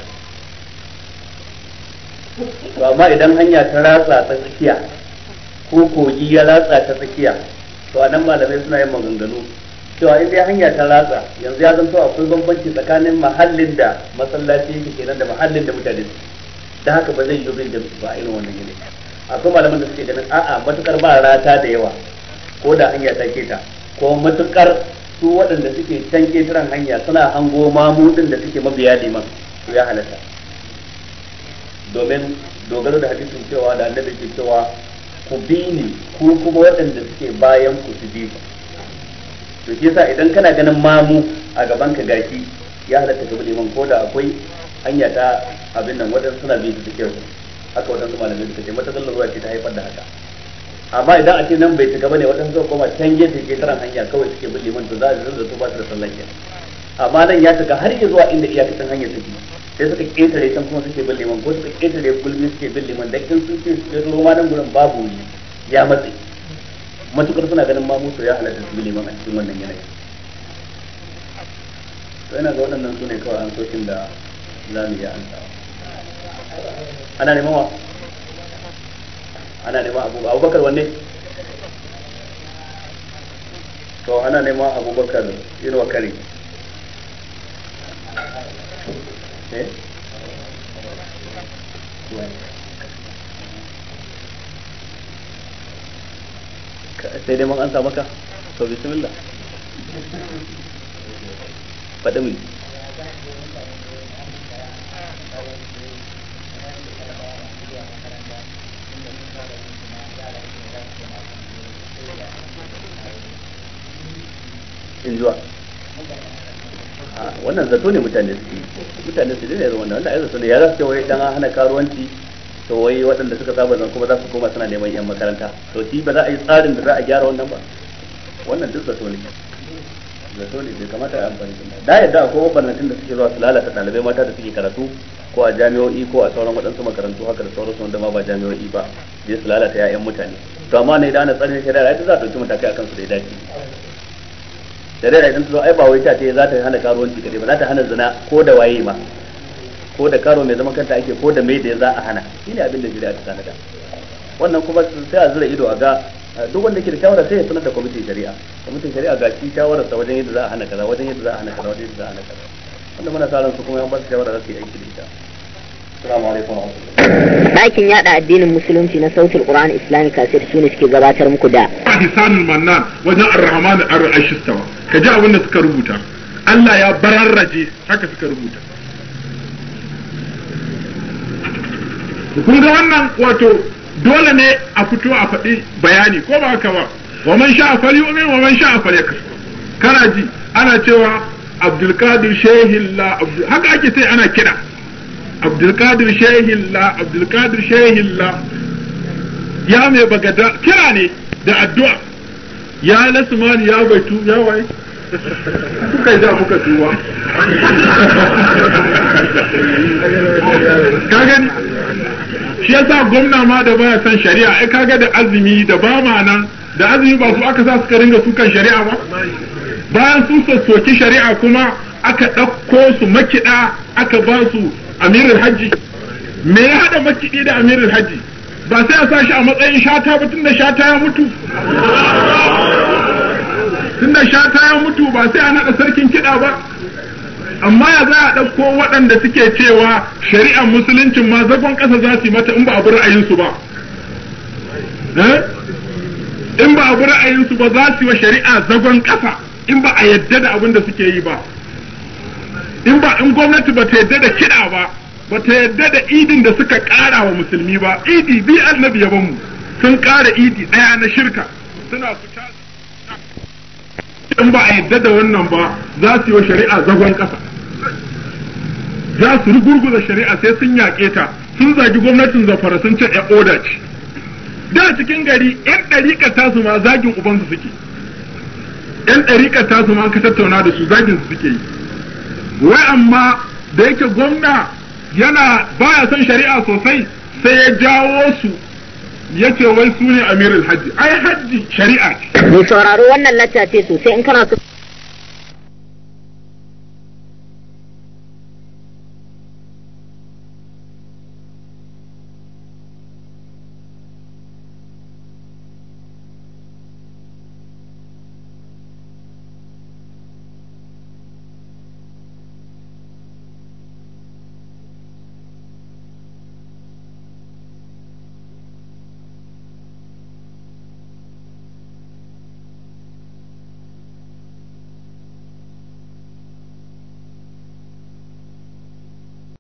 to amma idan hanya ta ratsa ta tsakiya ko kogi ya ratsa ta tsakiya to anan malamai suna yin maganganu cewa in dai hanya ta ratsa yanzu ya zanto akwai bambanci tsakanin mahallin da masallaci yake kenan da mahallin da mutane su da haka ba zai yi da ba irin wannan a akwai malaman da suke ganin a'a matukar ba rata da yawa ko da hanya ta keta ko matukar su waɗanda suke can ketaren hanya suna hango mamudin da suke mabiya liman to ya halatta domin dogaro da hadisin cewa da annabi ke cewa ku bi ni ku kuma waɗanda suke bayan ku su bi ku to shi yasa idan kana ganin mamu a gaban ka gashi ya halatta ka bude man ko da akwai hanya ta abin nan wadanda suna bin su kyau haka wadanda malamai suka ce mata zallarwa ce ta haifar da haka amma idan a ce nan bai cika bane wadanda suka koma can gefe ketaren hanya kawai suke bude man to za a zurza su ba su da sallah amma nan ya cika har ya zuwa inda iyakacin hanyar take sai suka ketare can kuma suke bin liman ko suka ketare gulmi suke bin liman da kin sun ce ruwa nan gurin babu ne ya matsi matukar suna ganin ma musu ya halatta su liman a cikin wannan yanayi to ina ga waɗannan su ne kawai an sokin da za mu iya ansa ana neman wa ana neman abu abubakar wanne to ana neman abubakar irin wa kare eh sai dai mun ansa maka to bismillah faɗi mu in zuwa ah, wannan zato ne mutane su mutane su ne wannan wanda zato ne ya zasu ce wai dan hana karuwanci to wai waɗanda suka saba zan kuma za su koma suna neman yan makaranta to shi ba za a yi tsarin da za a gyara wannan ba wannan duk zato ne zato ne bai kamata a amfani da da yadda akwai mabarnatin da suke zuwa su lalata ɗalibai mata da suke karatu ko a jami'o'i ko a sauran waɗansu makarantu haka da sauransu wanda ma ba jami'o'i ba zai su lalata 'ya'yan mutane to amma ne da ana tsarin shari'a ita za a ɗauki matakai akan su da ya dace da idan ta zo ai ba wai ta ce za ta hana karuwanci kadai ba za ta hana zina ko da waye ma ko da karo mai zaman kanta ake ko da mai da za a hana shine abin da shari'a ta sanada wannan kuma sai a zura ido a ga duk wanda ke da shawara sai ya sanar da kwamitin shari'a kwamitin shari'a ga shi shawarar sa wajen yadda za a hana kaza wajen yadda za a hana kaza wajen yadda za a hana kaza wanda muna sa ran su kuma yan ba su shawara za su yi aiki da ita Dakin yada addinin musulunci na sautin Quran Islamic kasir su ne suke gabatar muku da. Ahsanul Mannan wajen Ar-Rahman Ar-Rashistawa. Ka ji abin da suka rubuta. Allah ya bararraje haka suka rubuta. kun ga wannan wato dole ne a fito a faɗi bayani ko ba haka ba wa man sha falyu'min wa man sha falyakfur kana ji ana cewa abdulkadir shehilla haka ake sai ana kiɗa abdulkadir shehilla abdulkadir shehilla ya mai bagada kira ne da addu'a ya lasman ya baitu ya wai kuka yi da muka tuwa ka gani shi yasa gwamna ma da baya san shari'a ai kaga da azumi da ba ma nan da azumi ba su aka sa suka ringa sukan shari'a ba bayan su sassoki shari'a kuma aka ɗauko su makiɗa aka ba su amirin hajji me ya haɗa makiɗi da amirin hajji ba sai a sa shi a matsayin shata ba tunda shata ya mutu tunda shata ya mutu ba sai a naɗa sarkin kiɗa ba amma ya za a ɗauko waɗanda suke cewa shari'ar musuluncin ma zagon ƙasa za su yi mata in ba a bi ra'ayinsu ba eh? in ba a bi ra'ayinsu ba za su yi wa shari'a zagon ƙasa in ba a yadda da abin da suke yi ba in ba in gwamnati ba ta yadda da kiɗa ba ba ta yadda da idin da suka ƙara wa musulmi ba idi bi annabi yabanmu sun ƙara idi ɗaya na shirka suna fita in ba a yadda da wannan ba za su yi wa shari'a zagon ƙasa za su rugurguza shari'a sai sun yaƙe ta sun zagi gwamnatin zafara sun ce eh, oda ce da cikin gari yan ɗariƙar tasu ma zagin ubansu suke yan ɗariƙar tasu ma ka tattauna da su zagin su suke yi wai amma da yake gwamna yana baya son shari'a sosai sai ya jawo su yace wai su ne amirul hajji ai hajji shari'a ce mu sauraro wannan lacca ce sosai in kana so